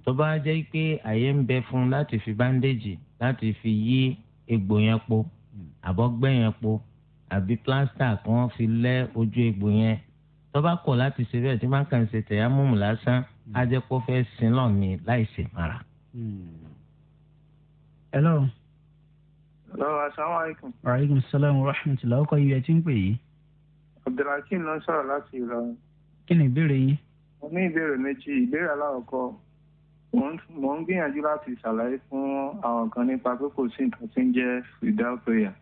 tó bá jẹ́ pé àyè ń bẹ fún un láti fi báńdéèjì láti fi yí egbò yẹn po àbọ̀gbẹ́ yẹn po àbí plaster kan fi lẹ́ ojú egbò yẹn tó bá kọ̀ láti ṣe bẹ́ẹ̀ tí máa kàn ṣe tẹ̀yà múmu lásán hmm. á jẹ́ kó fẹ́ sin lọ ni láì ṣe mara. Hmm. hello. hello asalaamualeykum. waaleykum salaam wa rahmatulah ọkọ iye tí ń pè yìí. abdulhakeem ló ń sọ̀rọ̀ láti ìlọrin. kí ni ìbéèrè yín. mo ní ìbéèrè méjì ìbéèrè aláwọ̀kọ́ mo ń gbìyànjú láti ṣàlàyé fún àwọn kan nípa pé kò sí nǹkan tí ń jẹ́ without prayer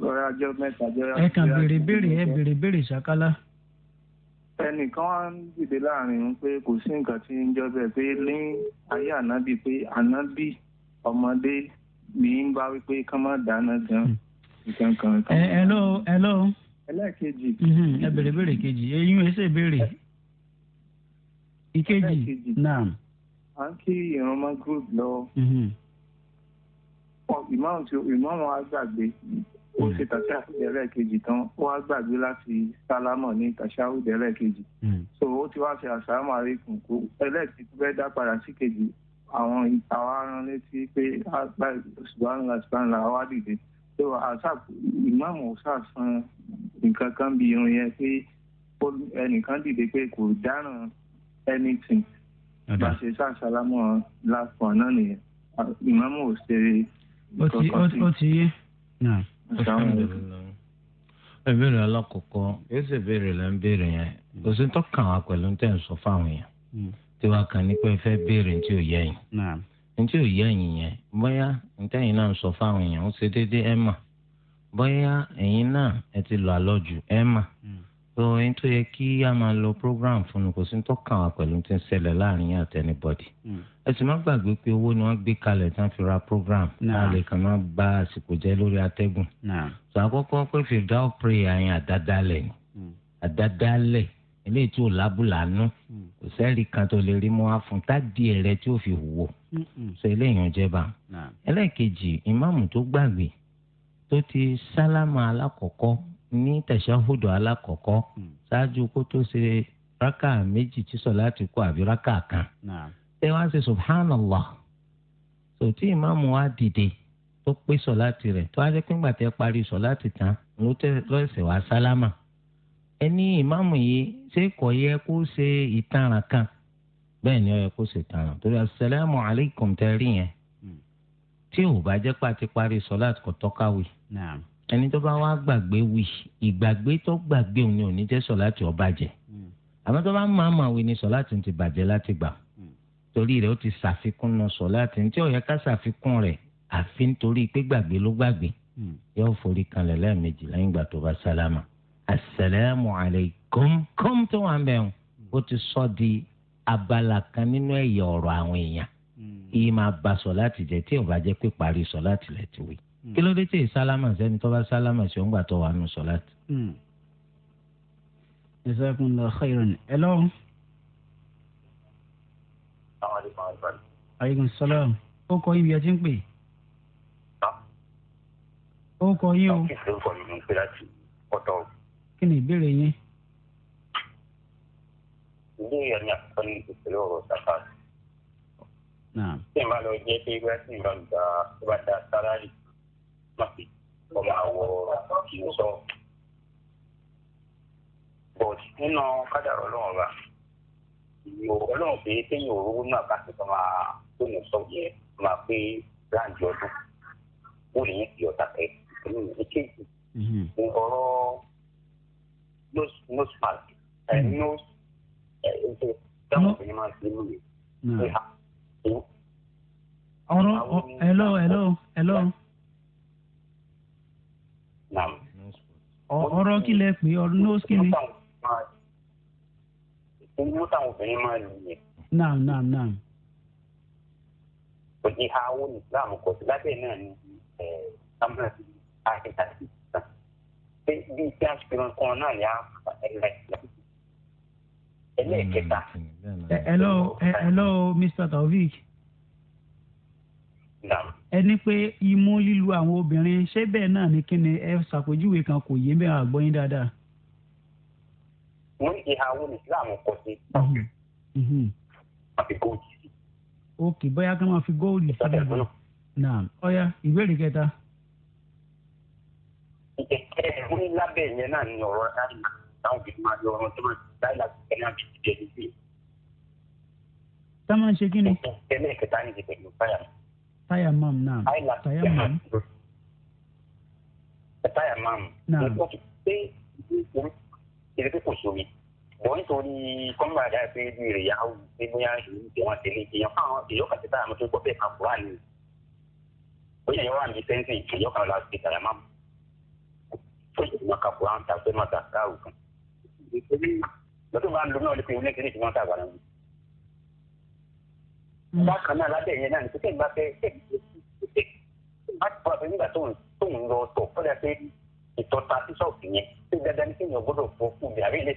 bọ́ra ajọ́ mẹ́ta jọra. ẹ kàn béèrè béèrè ẹ béèrè béèrè ṣàkálà. ẹnìkan wá ń dìde láàrin wọn pé kò sí nǹkan tí ń jọ bẹ́ẹ̀ pé ní ayé ànábì pé ànábì ọmọdé mi ń bá wípé ká má dáná gan hmm. nǹkan kan. ẹ hmm, ẹ lọ ẹ lọ. ẹlẹ́ẹ̀kejì. ẹ béèrè béèrè kejì eyín ẹsẹ̀ béèrè. ìkejì náà. à ń kí ìrànmọ́ group lọ. Hmm. ìmáàmù àgbàgbé ó hmm. ṣe tàṣàhùdù ẹlẹ́ẹ̀kejì tán ó wá gbàgbé láti sálámọ̀ ní tàṣàhùdù ẹlẹ́ẹ̀kejì hmm. so ó ti wá ṣe àṣàmọ̀ àríkùn kó ẹlẹ́ẹ̀kejì tó fẹ́ dá padà sí kejì àwọn àwọn arán létí pé àgbà ṣùgbọ́nla ṣùgbọ́nla wá dìde so àṣàkù ìmáàmù ṣàṣàn nǹkan kan bí irun yẹn pé ẹnìkan dìde pé kò dáràn anything bàṣẹ ṣàṣàlámọ̀ láfọ̀ọ́ náà nìyẹn ìmáàmù ò ṣe. ó ti ó ti yé. Ebeere alákọ̀ọ́kọ́ ẹsẹ̀ béèrè là ń béèrè yẹn kò sí tọ́kàn wa pẹ̀lú tẹ̀ ń sọ fáwọn èèyàn hmm. tí wàá kàn ní pé fẹ́ béèrè ní ò yẹ yìí ní ò yẹ yìí yẹn bóyá náà ń so ẹni tó yẹ kí a máa lọ program fún un kò sí tó kàn wá pẹ̀lú tí ń ṣẹlẹ̀ láàrin yín àti anybody. Hmm. ẹ sì má gbàgbé pé owó ni wọ́n gbé kalẹ̀ tí wọ́n fi ra program. náà lè kàn máa bá àsìkò jẹ́ lórí atẹ́gùn. sọ àkọ́kọ́ pé fìdáwọ́ prayer yẹn àdádálẹ̀ ni hmm. àdádálẹ̀ eléyìí tí ò lábùlánú hmm. kò sẹ́ẹ̀rì kan tó lè rí mọ́ wá fún tádìí rẹ tí ó fi wò. sọ eléyìí ń jẹba. ẹlẹ́ẹ̀kejì ìmáàmù tó gbàgbé tó ti sálámà alákọ̀ọ́kọ́ ní tẹ̀sánhùdù alákọ̀ọ́kọ́ hmm. ṣáájú kó tó ṣe rákà méjì tí sọ̀láàtì kù àbí rákà kan. ṣé wàá ṣe subhanallah sòtí ìmáàmù wa dìde tó pé sọ̀láàtì rẹ̀ tó wáá jẹ́ pé ńgbà tẹ́ parí sọ̀láàtì tán ló tẹ́ lọ́sẹ̀ wá sálámà. ẹni ìmáàmù yìí ṣé kò yẹ kó ṣe ìtanràn kan bẹ́ẹ̀ ni ó yẹ kó ṣe ìtanràn torí asalaamu alaykum tẹ́ rí yẹn hmm. tí ò bá jẹ́ pé a ti parí kò tọ́káwé ẹni tó bá wá gbàgbé wì ìgbàgbé tó gbàgbé òun ni òní jẹ́ sọ̀láàtì ó bàjẹ́ hmm. àmọ́ tó bá ń máa máa wí ni sọ̀láàtì ti bàjẹ́ láti gbà hmm. torí rẹ̀ ó ti ṣàfikún náà sọ̀láàtì tí ó yẹ ká ṣàfikún rẹ̀ àfi nítorí pé gbàgbé ló gbàgbé hmm. yóò forí kanlẹ̀ lẹ́ẹ̀mejì lẹ́yìn ìgbà tó bá sálámà assalamu alaykum kọ́m tó wà ń bẹ̀rù ó ti sọ di abala kan nínú ẹ̀yà ọ̀rọ̀ àwọn èèyàn ìyí máa ba sọ̀láàtì jẹ́ tí ò bá jẹ́ pé parí sọ̀láàtì lẹ́ ti wí. Hmm. kí ló dé tí ìsálámà sẹ́ni tó bá sálámà sí òǹgbà tó wà nù sọ́láàtì. Hmm. jazakumullahu khairan ẹ lọ́wọ́. aleykum salaam o kọ ibi ẹ ń pè. ó kọ yín o. kí ni ìbéèrè yín. ìlú yẹn ni àkọ́kọ́ ní ìpínlẹ̀ ọ̀rọ̀ sàkáàtì. tí n pé wíwá sí ìbámu gba tó bá pàpè kọ́ máa wọ ìwòsàn. but nínú kádàrọ̀ ọlọ́run wa ìyó ọlọ́run pé kéèyàn òróró náà bá ti kọ́ máa tó ní sọ yẹn máa pé láǹdì ọdún ó lè fi ọ̀tá tẹ ìlú ìkejì. Mhm. ọ̀rọ̀ nose mask ẹ̀ eh, mhm. nose ẹ̀ ẹ̀ ṣe dáhùn sí ni máa ṣe lóye ọ̀rọ̀ hello hello hello ọ̀rọ̀ kí lẹ pé ọ̀rọ̀ nose kí ni. owó táwọn obìnrin máa lù yẹn. naam naam naam. kò ní hawo ní islam kò sí lábẹ́ náà ní sámúlà sí àkẹ́kẹ́ sí islam. bí iṣẹ́ àṣìkìrán kan náà ní àfà ẹ̀rẹ́ ẹlẹ́ẹ̀kẹta. Mm, hello hello Mr. Taofik ẹni pé imú lílu àwọn obìnrin ṣé bẹ́ẹ̀ náà ni kí ni ẹ ṣàpèjúwe kan kò yé bẹ́ẹ̀ àgbọ́yìn dáadáa. wọ́n ṣe àwọn islam kọ sí. àfi mhm. góòlì sí. ok bóyá kí wọ́n fi góòlì sí i. naam ọ̀ya ìbéèrè kẹta. ìkẹ̀kẹ́ ẹ̀rọ ní lábẹ́ yẹn náà ni ọ̀rọ̀ láì láwọn obìnrin máa yọ ọ̀rọ̀ tó máa láì láti kẹ́lá bí ti jẹ́ níbí. tá máa ń ṣe kí ni tayamam naam tayamam. tayamam nípa ti pé ìrètí kò sómi bọ̀ nítorí kọ́ńbà dáa pé bí rè yá wù pé bóyá ìlú tí wọ́n tẹ̀lé èèyàn káwọn èèyàn kàtí tayamam tó gbọ́ bẹ́ẹ̀ kan kúrò àná bóyá èèyàn wà ní sẹ́ńsì èèyàn kan lọ sí tayamam tó yẹ wọn kúrò àwọn tàbí wọn tà káwù kan. lọ́tún bá ń lo náà lè pe ilé kíní tí tà wà bákan mm. náà lábẹ́ yẹn náà ní pípẹ́ ìgbà fẹ́ ṣẹ́yìn tó ṣe má ti bọ́ àbẹ̀yìn ìgbà tó ń tó ń lọ tọ̀ fọ́dà pé ìtọ́ta sí ṣọ́ọ̀bù yẹn tó dáadáa ní kéèyàn gbọ́dọ̀ fọ́ fún mi àbí ni. Eh,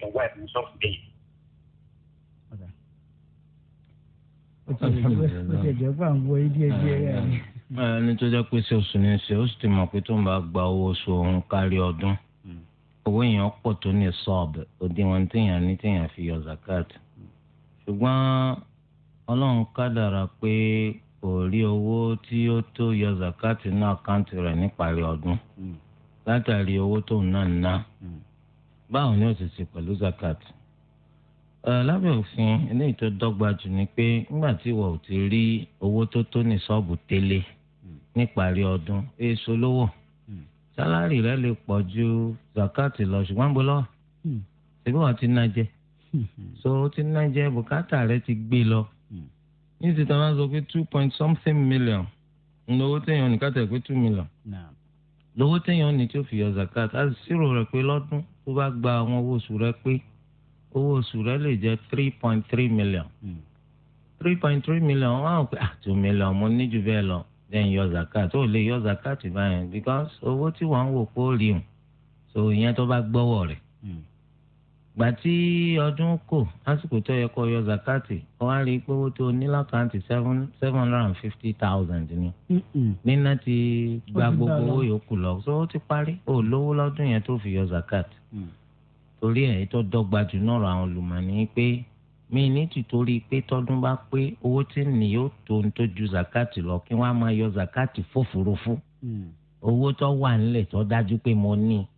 eh, ẹni tó jẹ́ pé ṣe oṣù ní ṣe ó sì ti mọ̀ pé tó ń bá gba owó oṣù òun kárí ọdún mm. owó èèyàn pọ̀ tó ní sọ́ọ̀bù òdiwọ̀n téèyàn ní téèyàn fi yọ zakat mm. ṣùgbọ́n ọlọ́run kádàrà pé kò rí owó tí ó tó yọ zakati náà àkáǹtì rẹ̀ níparí ọdún hmm. látàrí owó tó ń náà ná hmm. báwo ni ó sì ṣe pẹ̀lú zakati lábẹ́ òfin eléyìí tó dọ́gba jù ni pé nígbà tí ìwọ ò ti rí owó tó tó ní ṣọ́ọ̀bù tẹ́lẹ̀ hmm. níparí ọdún èso lówó sálárì rẹ lè pọ̀ ju zakati lọ ṣùgbọ́n bó lọ́wọ́ ṣebí wọ́n ti ná jẹ so ó ti ná jẹ bùkátà rẹ ti gbé lọ ní ti tàn án sọ pé two point something million lówó téèyàn ní kátà pé two million lówó téèyàn ní tí ó fi yọ zakat á ṣírò rẹ̀ pé lọ́dún tó bá gba àwọn owó oṣù rẹ̀ pé owó oṣù rẹ̀ lè jẹ́ three point three million hmm. three point three million wọ́n á pé ah two million mo ní jù bẹ́ẹ̀ lọ lẹ́yìn yọ zakat ó lè yọ zakat báyẹn because owó tí wọ́n ń wò pé ó rí hùn so ìyẹn tó bá gbọ́wọ́ rẹ̀ hmm gbà tí ọdún kò lásìkò tó yẹ kó yọ zakati ó wá rí i pé owó tó ní lákàntì seven hundred and fifty thousand ni nínà ti gba gbogbo owó yòókù lọ so ó ti parí ó lówó lọ́dún yẹn tó fi yọ zakati mm. torí ẹ̀ tó dọ́gba jù náà rọ àwọn olùmọ̀ọ́ni pé mi ní tìtorí pé tọdún bá pé owó tí nì yóò tó ń tó zakati lọ kí wọ́n á máa yọ zakati fòfurufú mm. owó tó wà nílẹ̀ tó dájú pé mo ní i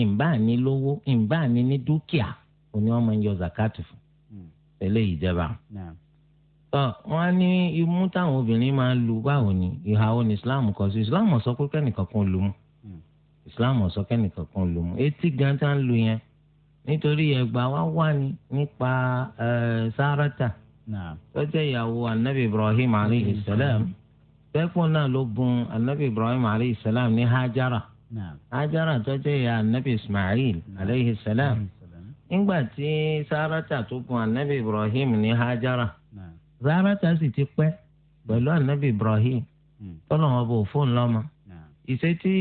ìǹbá ni lówó ìǹbá ni ní dúkìá òní wọn máa ń yọ zakati fún hmm. tẹ́lẹ̀ ìjẹba. wọ́n á ní imú táwọn obìnrin máa ń lu báwo ni ìhàwọ́ ni islam kọ sí islam sọ pé kẹ́nìkan kan lu mú hmm. islam sọ kẹ́nìkan kan lu mú etí gan tá ń lu yẹn nítorí ẹgbà wa wà ní nípa sáràtà tó ìyàwó anabi ibrahim alayhi salam hmm. tẹ́kùn náà ló bùn anabi ibrahim alayhi salam ní hajara. ajara tó jẹ́ ìyá anabi ismail aleyhi salam nígbà tí sarata tó gun anabi ibrahim ní hajara sarata sì ti pẹ́ pẹ̀lú anabi ibrahim tọ́lọ́wọ́n bò fóun lọ́mọ ìṣe tí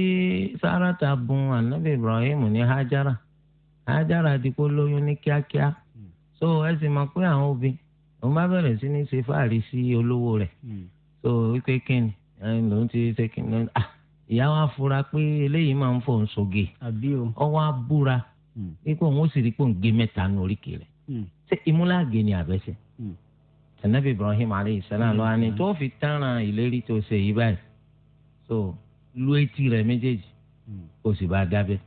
sarata gun anabi ibrahim ní hajara hajara di kó lóyún ní kíákíá so ẹ sì mọ̀ pé àwọn obìnrin òun bá bẹ̀rẹ̀ sí ní ṣe fáàrí sí olówó rẹ̀ so wípé kíni ẹ̀ lòun ti ṣe kíni ah ìyá wa fura pé eléyìí máa ń fò ń soge ọwọ́ á búra pípé hmm. òun ó sì rí pé òun gé mẹ́ta ní oríkèé rẹ̀ hmm. ṣé ìmúláàgé ni àbẹ́sẹ̀ hmm. Ànábì Ibrahim aleyhi salam lọ́wọ́ ni tó fi tánra ìlérí tó ṣe yí báyìí so lu etí rẹ̀ méjèèjì kò sì bá dábẹ́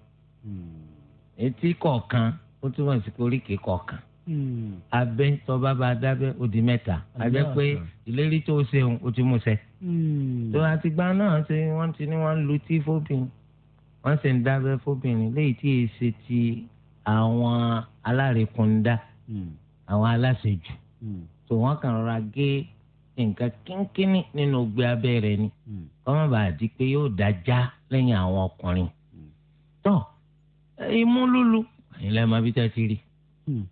etí kọ̀ọ̀kan ó túmọ̀ sí pé oríkèé kọ̀ọ̀kan abẹ́ tó bá bá dábẹ́ ó di mẹ́ta abẹ́ pé ìlérí tó ṣe òun ó ti mú ṣẹ tó hmm. àtìgbà náà ṣe wọ́n ti ní wọ́n ń lu tí fóbìnrin wọ́n sì ń dábẹ́ fóbìnrin léyìí tí èyí ṣe ti àwọn alárekunda hmm. àwọn aláṣejù tó hmm. wọ́n kàn rọra gé nǹkan kínkínní nínú ogbe abẹ́rẹ́ ni kọ́mọ́ bá di pé yóò dájá lẹ́yìn àwọn ọkùnrin tó imú lulu ẹ̀yin lẹ́ẹ̀ máa bí tẹ́ ti rí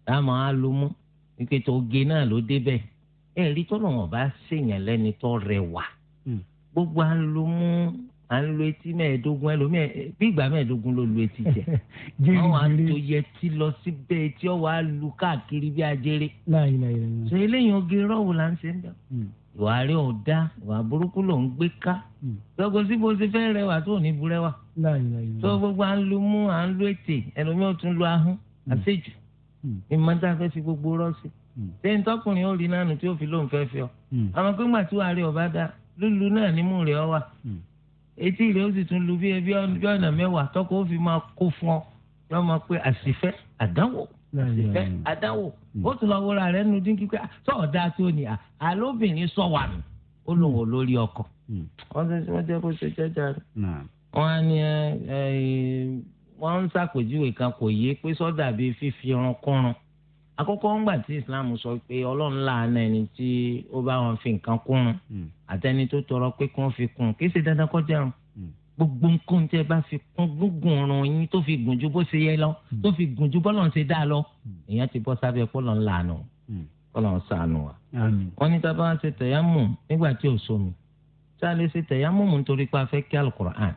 táwọn á lu mú ike tó ge náà ló débẹ̀ ẹ̀rí tó lọ́wọ́ bá ṣèyàn lẹ́ni tó rẹwà gbogbo à ń lo mú à ń lo etí mẹ́ẹ̀ẹ́dógún ẹlòmíẹ̀ bí ìgbà mẹ́ẹ̀ẹ́dógún ló lu etí jẹ wọ́n wá tó yẹtí lọ síbẹ̀ etí ọ̀ wá lu káàkiri bí ajere ṣe eléyìí oge rọ́wù là ń ṣe ń bẹ̀ hmm. ìwà rẹ̀ ò dá ìwà burúkú ló ń gbé ká lọ́gọ́ hmm. sí bó ṣe fẹ́ rẹwà tó ní burẹ́wà tó gbogbo à ń lu mú à ń lu ètè ẹlòmíẹ̀ tún lu ahọ́n hmm. àṣejù ìmọ̀ta fẹ́ fi gbogbo lulu náà nímú rẹ̀ ọ wà hmm. etí rẹ̀ ó sì tún lu bí ẹbí ọ̀nà mẹ́wàá tọ́kọ ó fi máa kó fún ọ yọ máa pé àṣìfẹ́ àdánwò àṣìfẹ́ àdánwò hmm. ó tún lọ wúra rẹ̀ nu dín kíkẹ́ ah, sọ̀ọ́ dá tó ní àlóbìnrin ah, sọ wà nù ó lòun ò hmm. lórí ọkọ wọ́n ṣe ṣe wọ́n jẹ́ kó ṣe jẹ́jà rẹ̀ wọ́n á ní ẹ eh, eh, wọ́n ń ṣàpèjúwe kan kò yé pé sọ́dà bíi fífi irun kúrun àkọ́kọ́ ńgbà tí islam sọ pé ọlọ́run láàánú ẹni tí ó bá wọn fi nǹkan kún un hmm. àtẹni tó tọrọ pé kí wọ́n fi kún un kì í ṣe dandan kó jẹun hmm. gbogbo nǹkan tí ẹ bá fi kún gúngùn ọrùn yín tó fi gùn ju bó ṣe yẹ lọ hmm. tó fi gùn ju bọ́lọ̀ ń ṣe dá lọ èèyàn ti bọ́ sábẹ́ pọ́lọ̀ ń lànà pọ́lọ̀ ń sànù wa. wọ́n ní tá a bá ṣe tẹ̀yámù nígbà tí ò sómi tá a lè ṣe tẹ̀yámù nítorí pé a fẹ́ kí alukur'an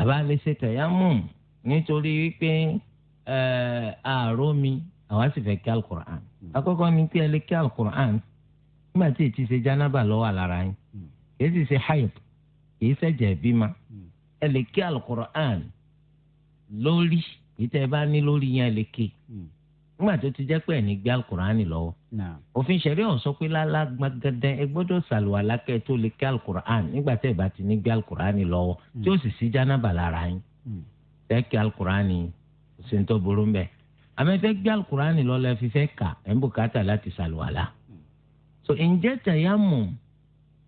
àbá lè ṣe tẹ̀yámù nítorí wípé àárọ̀ eh, mi àwa sì fẹ́ kí alukur'an àkọ́kọ́ ni kí ẹ lè kí alukur'an ti ṣe jánábà lọ́wọ́ àlára yín èyí sì ṣe hayib èyí ṣẹ̀jẹ̀ bímọ ẹ lè kí alukur'an lórí èyí tẹ́ ẹ bá ní lórí yẹn lè ké nígbà tó ti jẹ́ pé ẹ̀ ní gbé alukur'an lọ́wọ́ òfin ṣẹ̀rí ọ̀hún sọ pé lálá gbàgádẹ́ ẹ gbọ́dọ̀ tó ti ní gbé alukur'an lọ́wọ́ hmm. tí ó sì ṣe jánábà lára yín hmm. ṣe ń tọ́ burú mbẹ́ àmẹ́fẹ́ gbé alukurani lọ́lẹ́ fífẹ́ kà ẹ̀ bùkátà láti ṣàlùwàlá so ǹjẹ́ tàyámù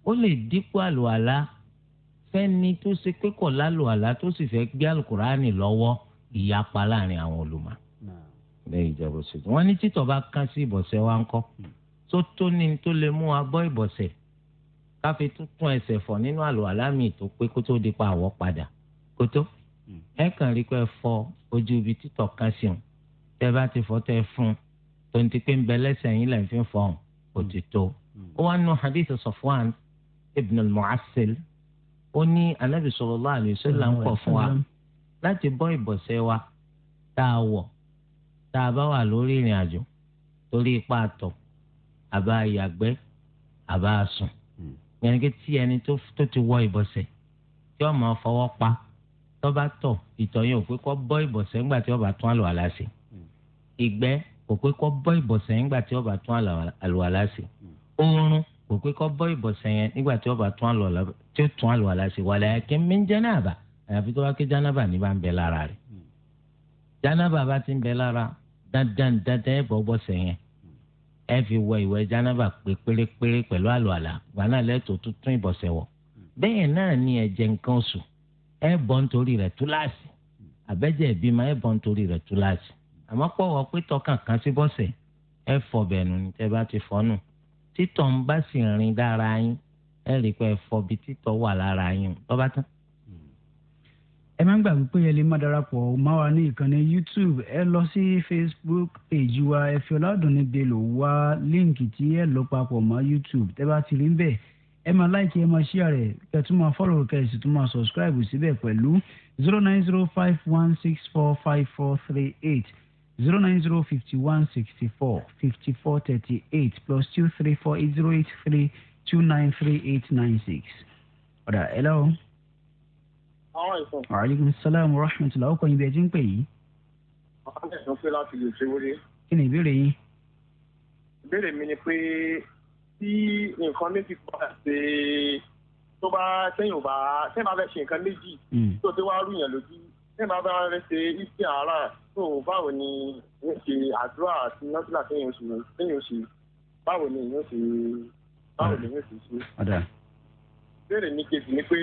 ó lè dípò àlùwàlá fẹ́ni tó ṣe pé kọ̀ lálùwàlá tó sì fẹ́ gbé alukurani lọ́wọ́ ìyapa láàrin àwọn olùmọ̀ lẹ́yìn ìjọba ṣètò wọ́n ní títọ́ bá kán sí ìbọ̀sẹ̀ wa ń kọ́ tó tó ni tó lè mú wa bọ́ ìbọ̀sẹ̀ káfí tuntun ẹsẹ̀ fọ̀ nínú àlùwàlá mi tó pé kó tó dípa àwọ̀ padà kó tó ẹ kàn rí pé fọ ojú ibi títọ̀ ká sí òun tẹ bá ti fọ tẹ fún un tó ń ti pé ń bẹ lẹ́sẹ̀ yín lẹ́yìn fi ń fọ òun kò ti tó. Hmm. ó wá nù hadith Safwan ibn al-Mu'assil ó ní anabi sallallahu alaihi wasallam ń kọ̀ fún wa láti bọ́ ìbọ̀sẹ̀ wa tá a wọ̀ tá a bá wà lórí ìrìn àjò torí ipa àtọ̀ àbá yàgbẹ́ àbá sùn. Hmm. yẹn kí tí ẹni tó ti wọ ìbọ̀sẹ̀ tí ó fọwọ́ pa tọ́ba tọ̀ ìtọ̀ yẹn ò pé kọ́ bọ́ ìbọ̀sẹ̀ ńgbà tí ọba tún àlùwàlá ṣe hmm. ìgbẹ́ kò pé kọ́ bọ́ ìbọ̀sẹ̀ ńgbà tí ọba tún àlùwàlá ṣe hmm. oorun kò pé kọ́ bọ́ ìbọ̀sẹ̀ yẹn nígbà tí ọba tún àlùwàlá ṣe walakin min janaba àyàfi tó wá ké jánábà ní bá ń bẹ lára rẹ̀ hmm. jánábà bá ti ń bẹ lára dandan dandan ẹ̀ bọ́ bọ́sẹ̀ yẹn ẹ fi wọ ìwẹ̀ jánábà pé pérépéré pẹ̀lú àlùwàlá gbaná lẹ́tọ̀ọ́ tuntun ìbọ̀sẹ̀ ni ẹ̀jẹ̀ nǹkan ẹ bọ́ nítorí rẹ̀ túláàsì àbẹ́jẹ́ ìbímọ ẹ bọ́ nítorí rẹ̀ túláàsì àmọ́ pọ̀ wọ́n pé tọkàn kan sí bọ́sẹ̀ ẹ fọ̀ bẹ̀nu ní tẹ́ bá ti fọ́nù títọ̀ ń bá sì rìn dára yín ẹ rí i pé ẹ fọ̀ bí títọ̀ wà lára yín lọ́ba tán ẹ máa ń gbàgbé pé ẹ lè darapọ̀ máa wà ní ìkànnì youtube ẹ lọ sí facebook page wa ẹ fi Ọládùnní Bello wá líǹkì tí ẹ lọ papọ̀ mọ́ youtube tẹ́ bá ti rí bẹ́ẹ̀ ẹ máa láìkí ẹ máa ṣíà rẹ̀ kẹtù máa fọ́lọ̀ kẹsì tún máa sọ̀sìkírábù síbẹ̀ pẹ̀lú zero nine zero five one six four five four three eight zero nine zero fifty one sixty four fifty four thirty eight plus two three four eight zero eight three two nine three eight nine six. ọ̀dà ẹ lọ́wọ́. àwọn ìfọ̀. waaleykum salaam wa rahmatulah ọkọ yín bí ẹ ti ń pè yìí. àwọn ẹ̀sán pé láti lè ṣe wọlé. kí ni ìbéèrè yín. ìbéèrè mi ni pé tí nǹkan méjì tó bá ṣe tó bá sẹ́yìn ò bá sẹ́yìn bá fẹ́ ṣe nǹkan méjì hmm. tó ti wá rúyàn lójú sẹ́yìn bá bá fẹ́ ṣe iṣẹ́ ara tó báwo ni yóò ṣe àdúrà àti nọ́tìlà sẹ́yìn oṣù sẹ́yìn oṣù báwo ni yóò ṣe báwo ni yóò ṣe ṣe. béèrè mi kejì ni pé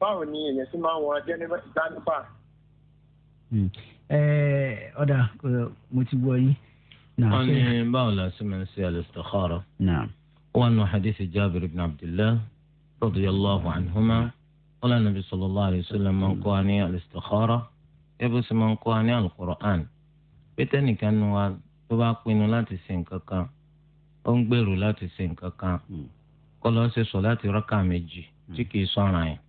báwo ni èèyàn ṣe máa ń wọn jẹ́nẹ́bà. ọ̀dà mo ti gbọ́ yín wọ́n ní báwo la ṣe máa ń ṣe al-istikhara. wọ́n nu hadith Jabir ibn Abdullah radiyallahu anhuma wọ́n lẹ́nu bí sallallahu alayhi wa sallam máa ń kọ́ wa ní al-istikhara ẹbí sì máa ń kọ́ wa ní al-Qur'an pété nìkan nu wa tó bá pinnu láti ṣe nǹkan kan ó ń gbèrò láti ṣe nǹkan kan kọ́ lọ́ọ́ ṣe sọ láti rákà méjì tí kì í sọ̀ràn yẹn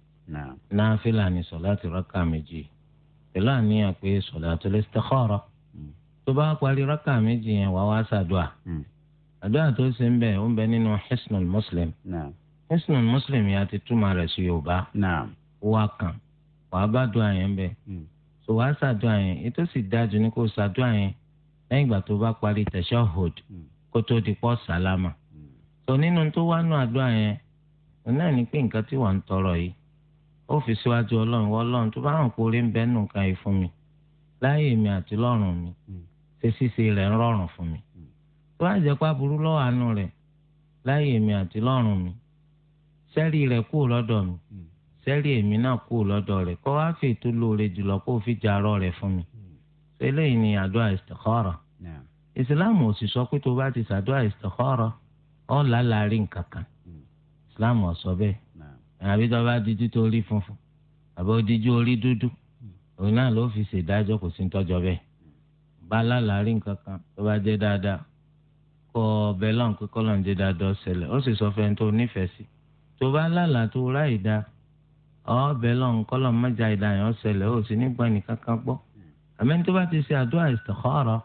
náà fílàní sọ láti rákà méjì fílàní àpè sọ láti lè istikhara. tó bá parí rákà méjì yẹn wà wá ṣàdúà hmm. àdúrà tó ṣe ń bẹ ó ń bẹ nínú hisnul muslim hisnul muslim yẹn àti túmọ̀ rẹ̀ sí yorùbá wà kàn wà bá dùà yẹn bẹ tó hmm. wàá ṣàdúà yẹn ètò sì dájú ní kó ṣàdúà yẹn lẹ́yìn ìgbà tó bá parí hmm. kó tó di pọ́ sálámà tó nínú tó nù àdúrà yẹn náà ní pé nǹkan tí wà ń tọrọ yìí ó fi síwájú ọlọ́run wọ́n ṣe ṣíṣe rẹ̀ ń rọrùn fún mi hmm. tó bá jẹ́ pé aburú lọ́wọ́ àánú rẹ̀ láyé mi àti lọ́rùn mi sẹ́rí rẹ̀ kúrò lọ́dọ̀ mi sẹ́rí hmm. èmi náà kúrò lọ́dọ̀ rẹ̀ kó wá fi ètò lóore jùlọ kó fi jarọ́ rẹ̀ fún mi hmm. eléyìí ni àdúrà istikhara ìsìláàmù ò sì sọ pé tó bá ti ṣàdúrà istikhara ọ̀ lálàárín kankan ìsìláàmù ò sọ bẹ́ẹ̀ àbí tó bá dijú tó rí funfun àbí ó dijú orí dúdú òun náà ló fi ṣèdájọ́ kò sí ń tọ́jọ́ bẹ́ẹ̀. Bala lálàárí nǹkan kan tó bá jẹ́ dáadáa kọ ọbẹ̀ lọ́n pé kọ́ lọ́n jẹ́ dáadáa ọ̀sẹ̀lẹ̀ ó sì sọ fẹ́ni tó nífẹ̀ẹ́ sí tó bá lálàá tó ráì dáa ọbẹ̀ lọ́n kọ́ lọ́n mọ́jà ìdáyàn ọ̀sẹ̀lẹ̀ ó sì nígbà nìkan kan gbọ́ àmẹ́ni tó bá ti ṣe àdúrà istikhara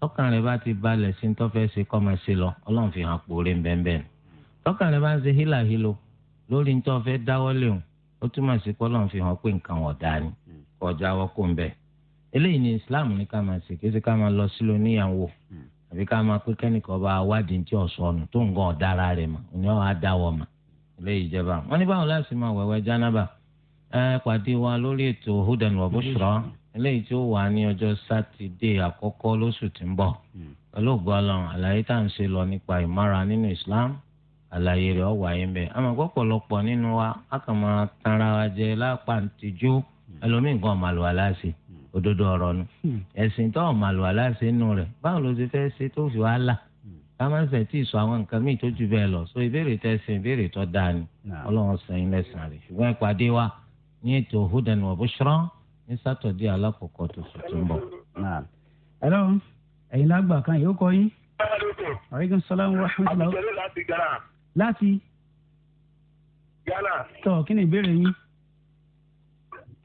tọ́kàn rẹ̀ bá ti balẹ̀ sí tó fẹ́ ṣe kọ́ máa ṣe lọ ọlọ́run fi hàn pòórè bẹ́ẹ̀bẹ́ẹ̀ tọ́kàn rẹ̀ bá ń ṣe hílàhílo lórí tó fẹ́ dáwọ́lé òun ó túmọ̀ sí pé fi hàn pé nǹkan ọ̀dà kọjá wọ́kùn bẹ́ẹ̀ eléyìí ni islam ní ká máa ṣe kí ká máa lọ sílò níyàwó hmm. àbí ká máa pé kẹ́nìkan bá wádìí tí tó ń gan rẹ̀ ọ̀ eléyìí jẹba wọn ní báwọn láti wa lórí ètò hudan wa bushra hmm. eléyìí tí ó wà ní ọjọ́ sátidé àkọ́kọ́ lóṣù tí ń bọ̀ hmm. àlàyé tá à ń ṣe lọ nípa ìmára nínú islam àlàyé rẹ̀ ọ̀wà yín wa a kàn máa tanra wa jẹ lápá ntìjú ẹlòmíì gan màlúwa láṣìí òdodo ọ̀rọ̀ ni hmm. ẹ̀sìn tó ọ̀mà lù aláṣẹ inú rẹ̀ báwo ló ti fẹ́ ṣe tó fi wá là hmm. kámẹ́sẹ̀ tí ì sọ àwọn nǹkan míì tó ju bẹ́ẹ̀ lọ so ìbéèrè tẹ́ ṣe ìbéèrè tó dáa ni ọlọ́run sẹ́yìn lẹ́sàn-án rẹ̀ ṣùgbọ́n ìpàdé wa ní ètò hudan wa bushra ní sátọ̀dé alákọ̀ọ́kọ́ tó sì tún bọ̀. hello ẹ̀yin lágbà kan yóò kọ́ yín. aleykum salaam wa rahmatulah.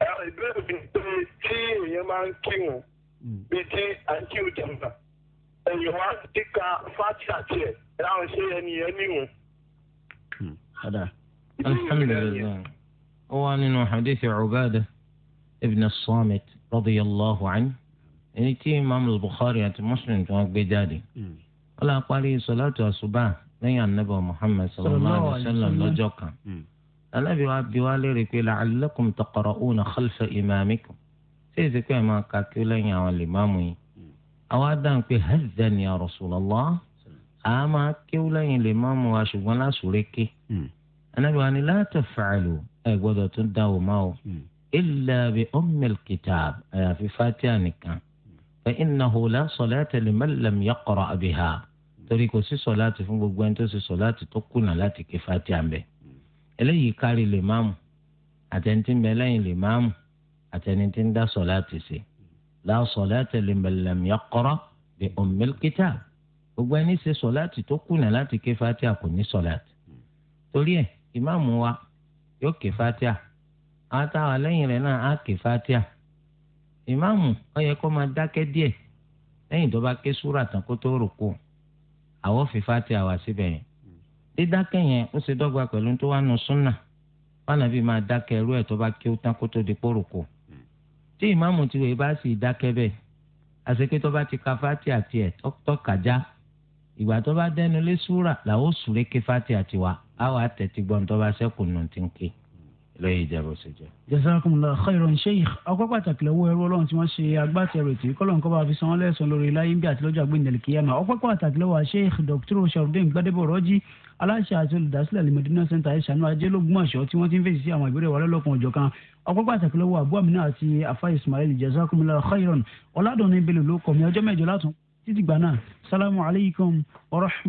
الحمد لله وانا حديث عبادة ابن الصامت رضي الله عنه إن تي إمام البخاري أنت مسلم تونك بجادي ولا قالي صلاة الصباح لين النبي محمد صلى الله عليه وسلم لجوكا anábì wa bi wá léèrè pé la'allakum taqra'una khalfa imamikum ṣé èsì pé ẹ máa ka kí ó lẹ́yìn àwọn lè máàmù yìí àwa dáhùn pé hadhan ya Rasulullah a máa kí ó lẹ́yìn lè máàmù wa ṣùgbọ́n láṣùrẹ́ ké hmm. anábì wa ni la taf'alu ẹ gbọ́dọ̀ tún dá o máa hmm. o illa bi ummil kitab àyàfi fatiha nìkan hmm. fa innahu la salata liman lam yaqra' biha torí kò sí sọ̀láàtì fún gbogbo ẹni tó sì sọ̀láàtì tó kùnà láti ké fatiha mbẹ́ eléyìí kárí lè máàmù àtẹni tí ń bẹ lẹ́yìn lè máàmù àtẹni tí ń dá sọ̀láàtì ṣe la sọ̀láàtì liman lam yaqra bi ummil kitab gbogbo ẹni ṣe sọ̀láàtì tó kùnà láti ké fatia kò ní sọ̀láàtì torí ẹ̀ ìmáàmù wa yóò ké fatia àwọn táwa lẹ́yìn rẹ̀ náà á ké fatia ìmáàmù ó kó máa dákẹ́ díẹ̀ lẹ́yìn tó bá ké súrà tán kó tó rò kó àwọn fi fatia wá síbẹ̀ yẹn dídákẹ́ yẹn ó ṣe dọ́gba pẹ̀lú tó wà nù súnà wànàbí máa dákẹ́ ẹrú ẹ̀ tó bá kí ó tán kó tó di pòròkò hmm. tí ìmáàmù tiwèé bá sì dákẹ́ bẹ́ẹ̀ àṣekẹ́ tó bá ti ka fati àti ẹ̀ tọ́kàjá ìgbà tó bá dẹnu lé súrà làwọn sùré ké fati àti wa àwọn àtẹ̀tí gbọ́n tó bá sẹ́kù nù ti ń ké lẹ́yìn ìjẹ́bù sí jẹ́. jazakumullahu khairan sheikh ọkọ pàtàkì lọ́wọ́ ẹrú Ọlọ́run tí wọ́n ṣe agbátẹrù tí kọlọn kọba fi san wọn lẹ́san lórí láyé ń bí àtìlọjọ àgbẹnìlẹ kìyàmà ọkọ pàtàkì lọ́wọ́ sheikh dr sharudin gbadebo rọjí aláṣẹ àti olùdásílẹ̀ alimọ̀dínà center ìṣànú ajé lọ́gbọ́mọṣọ́ tí wọ́n ti ń fèsì sí àwọn ìbéèrè wa lọ́lọ́kan ọ̀jọ̀ kan ọpẹ́ pàtàkì lọ́wọ́ abu amina àti afa ismail jazakumullahu khairan ọ̀làdùnní bello ló kọ̀ mí ọjọ́ mẹ́jọ látún títí gbà náà salamu alaykum wa rahmatulahi.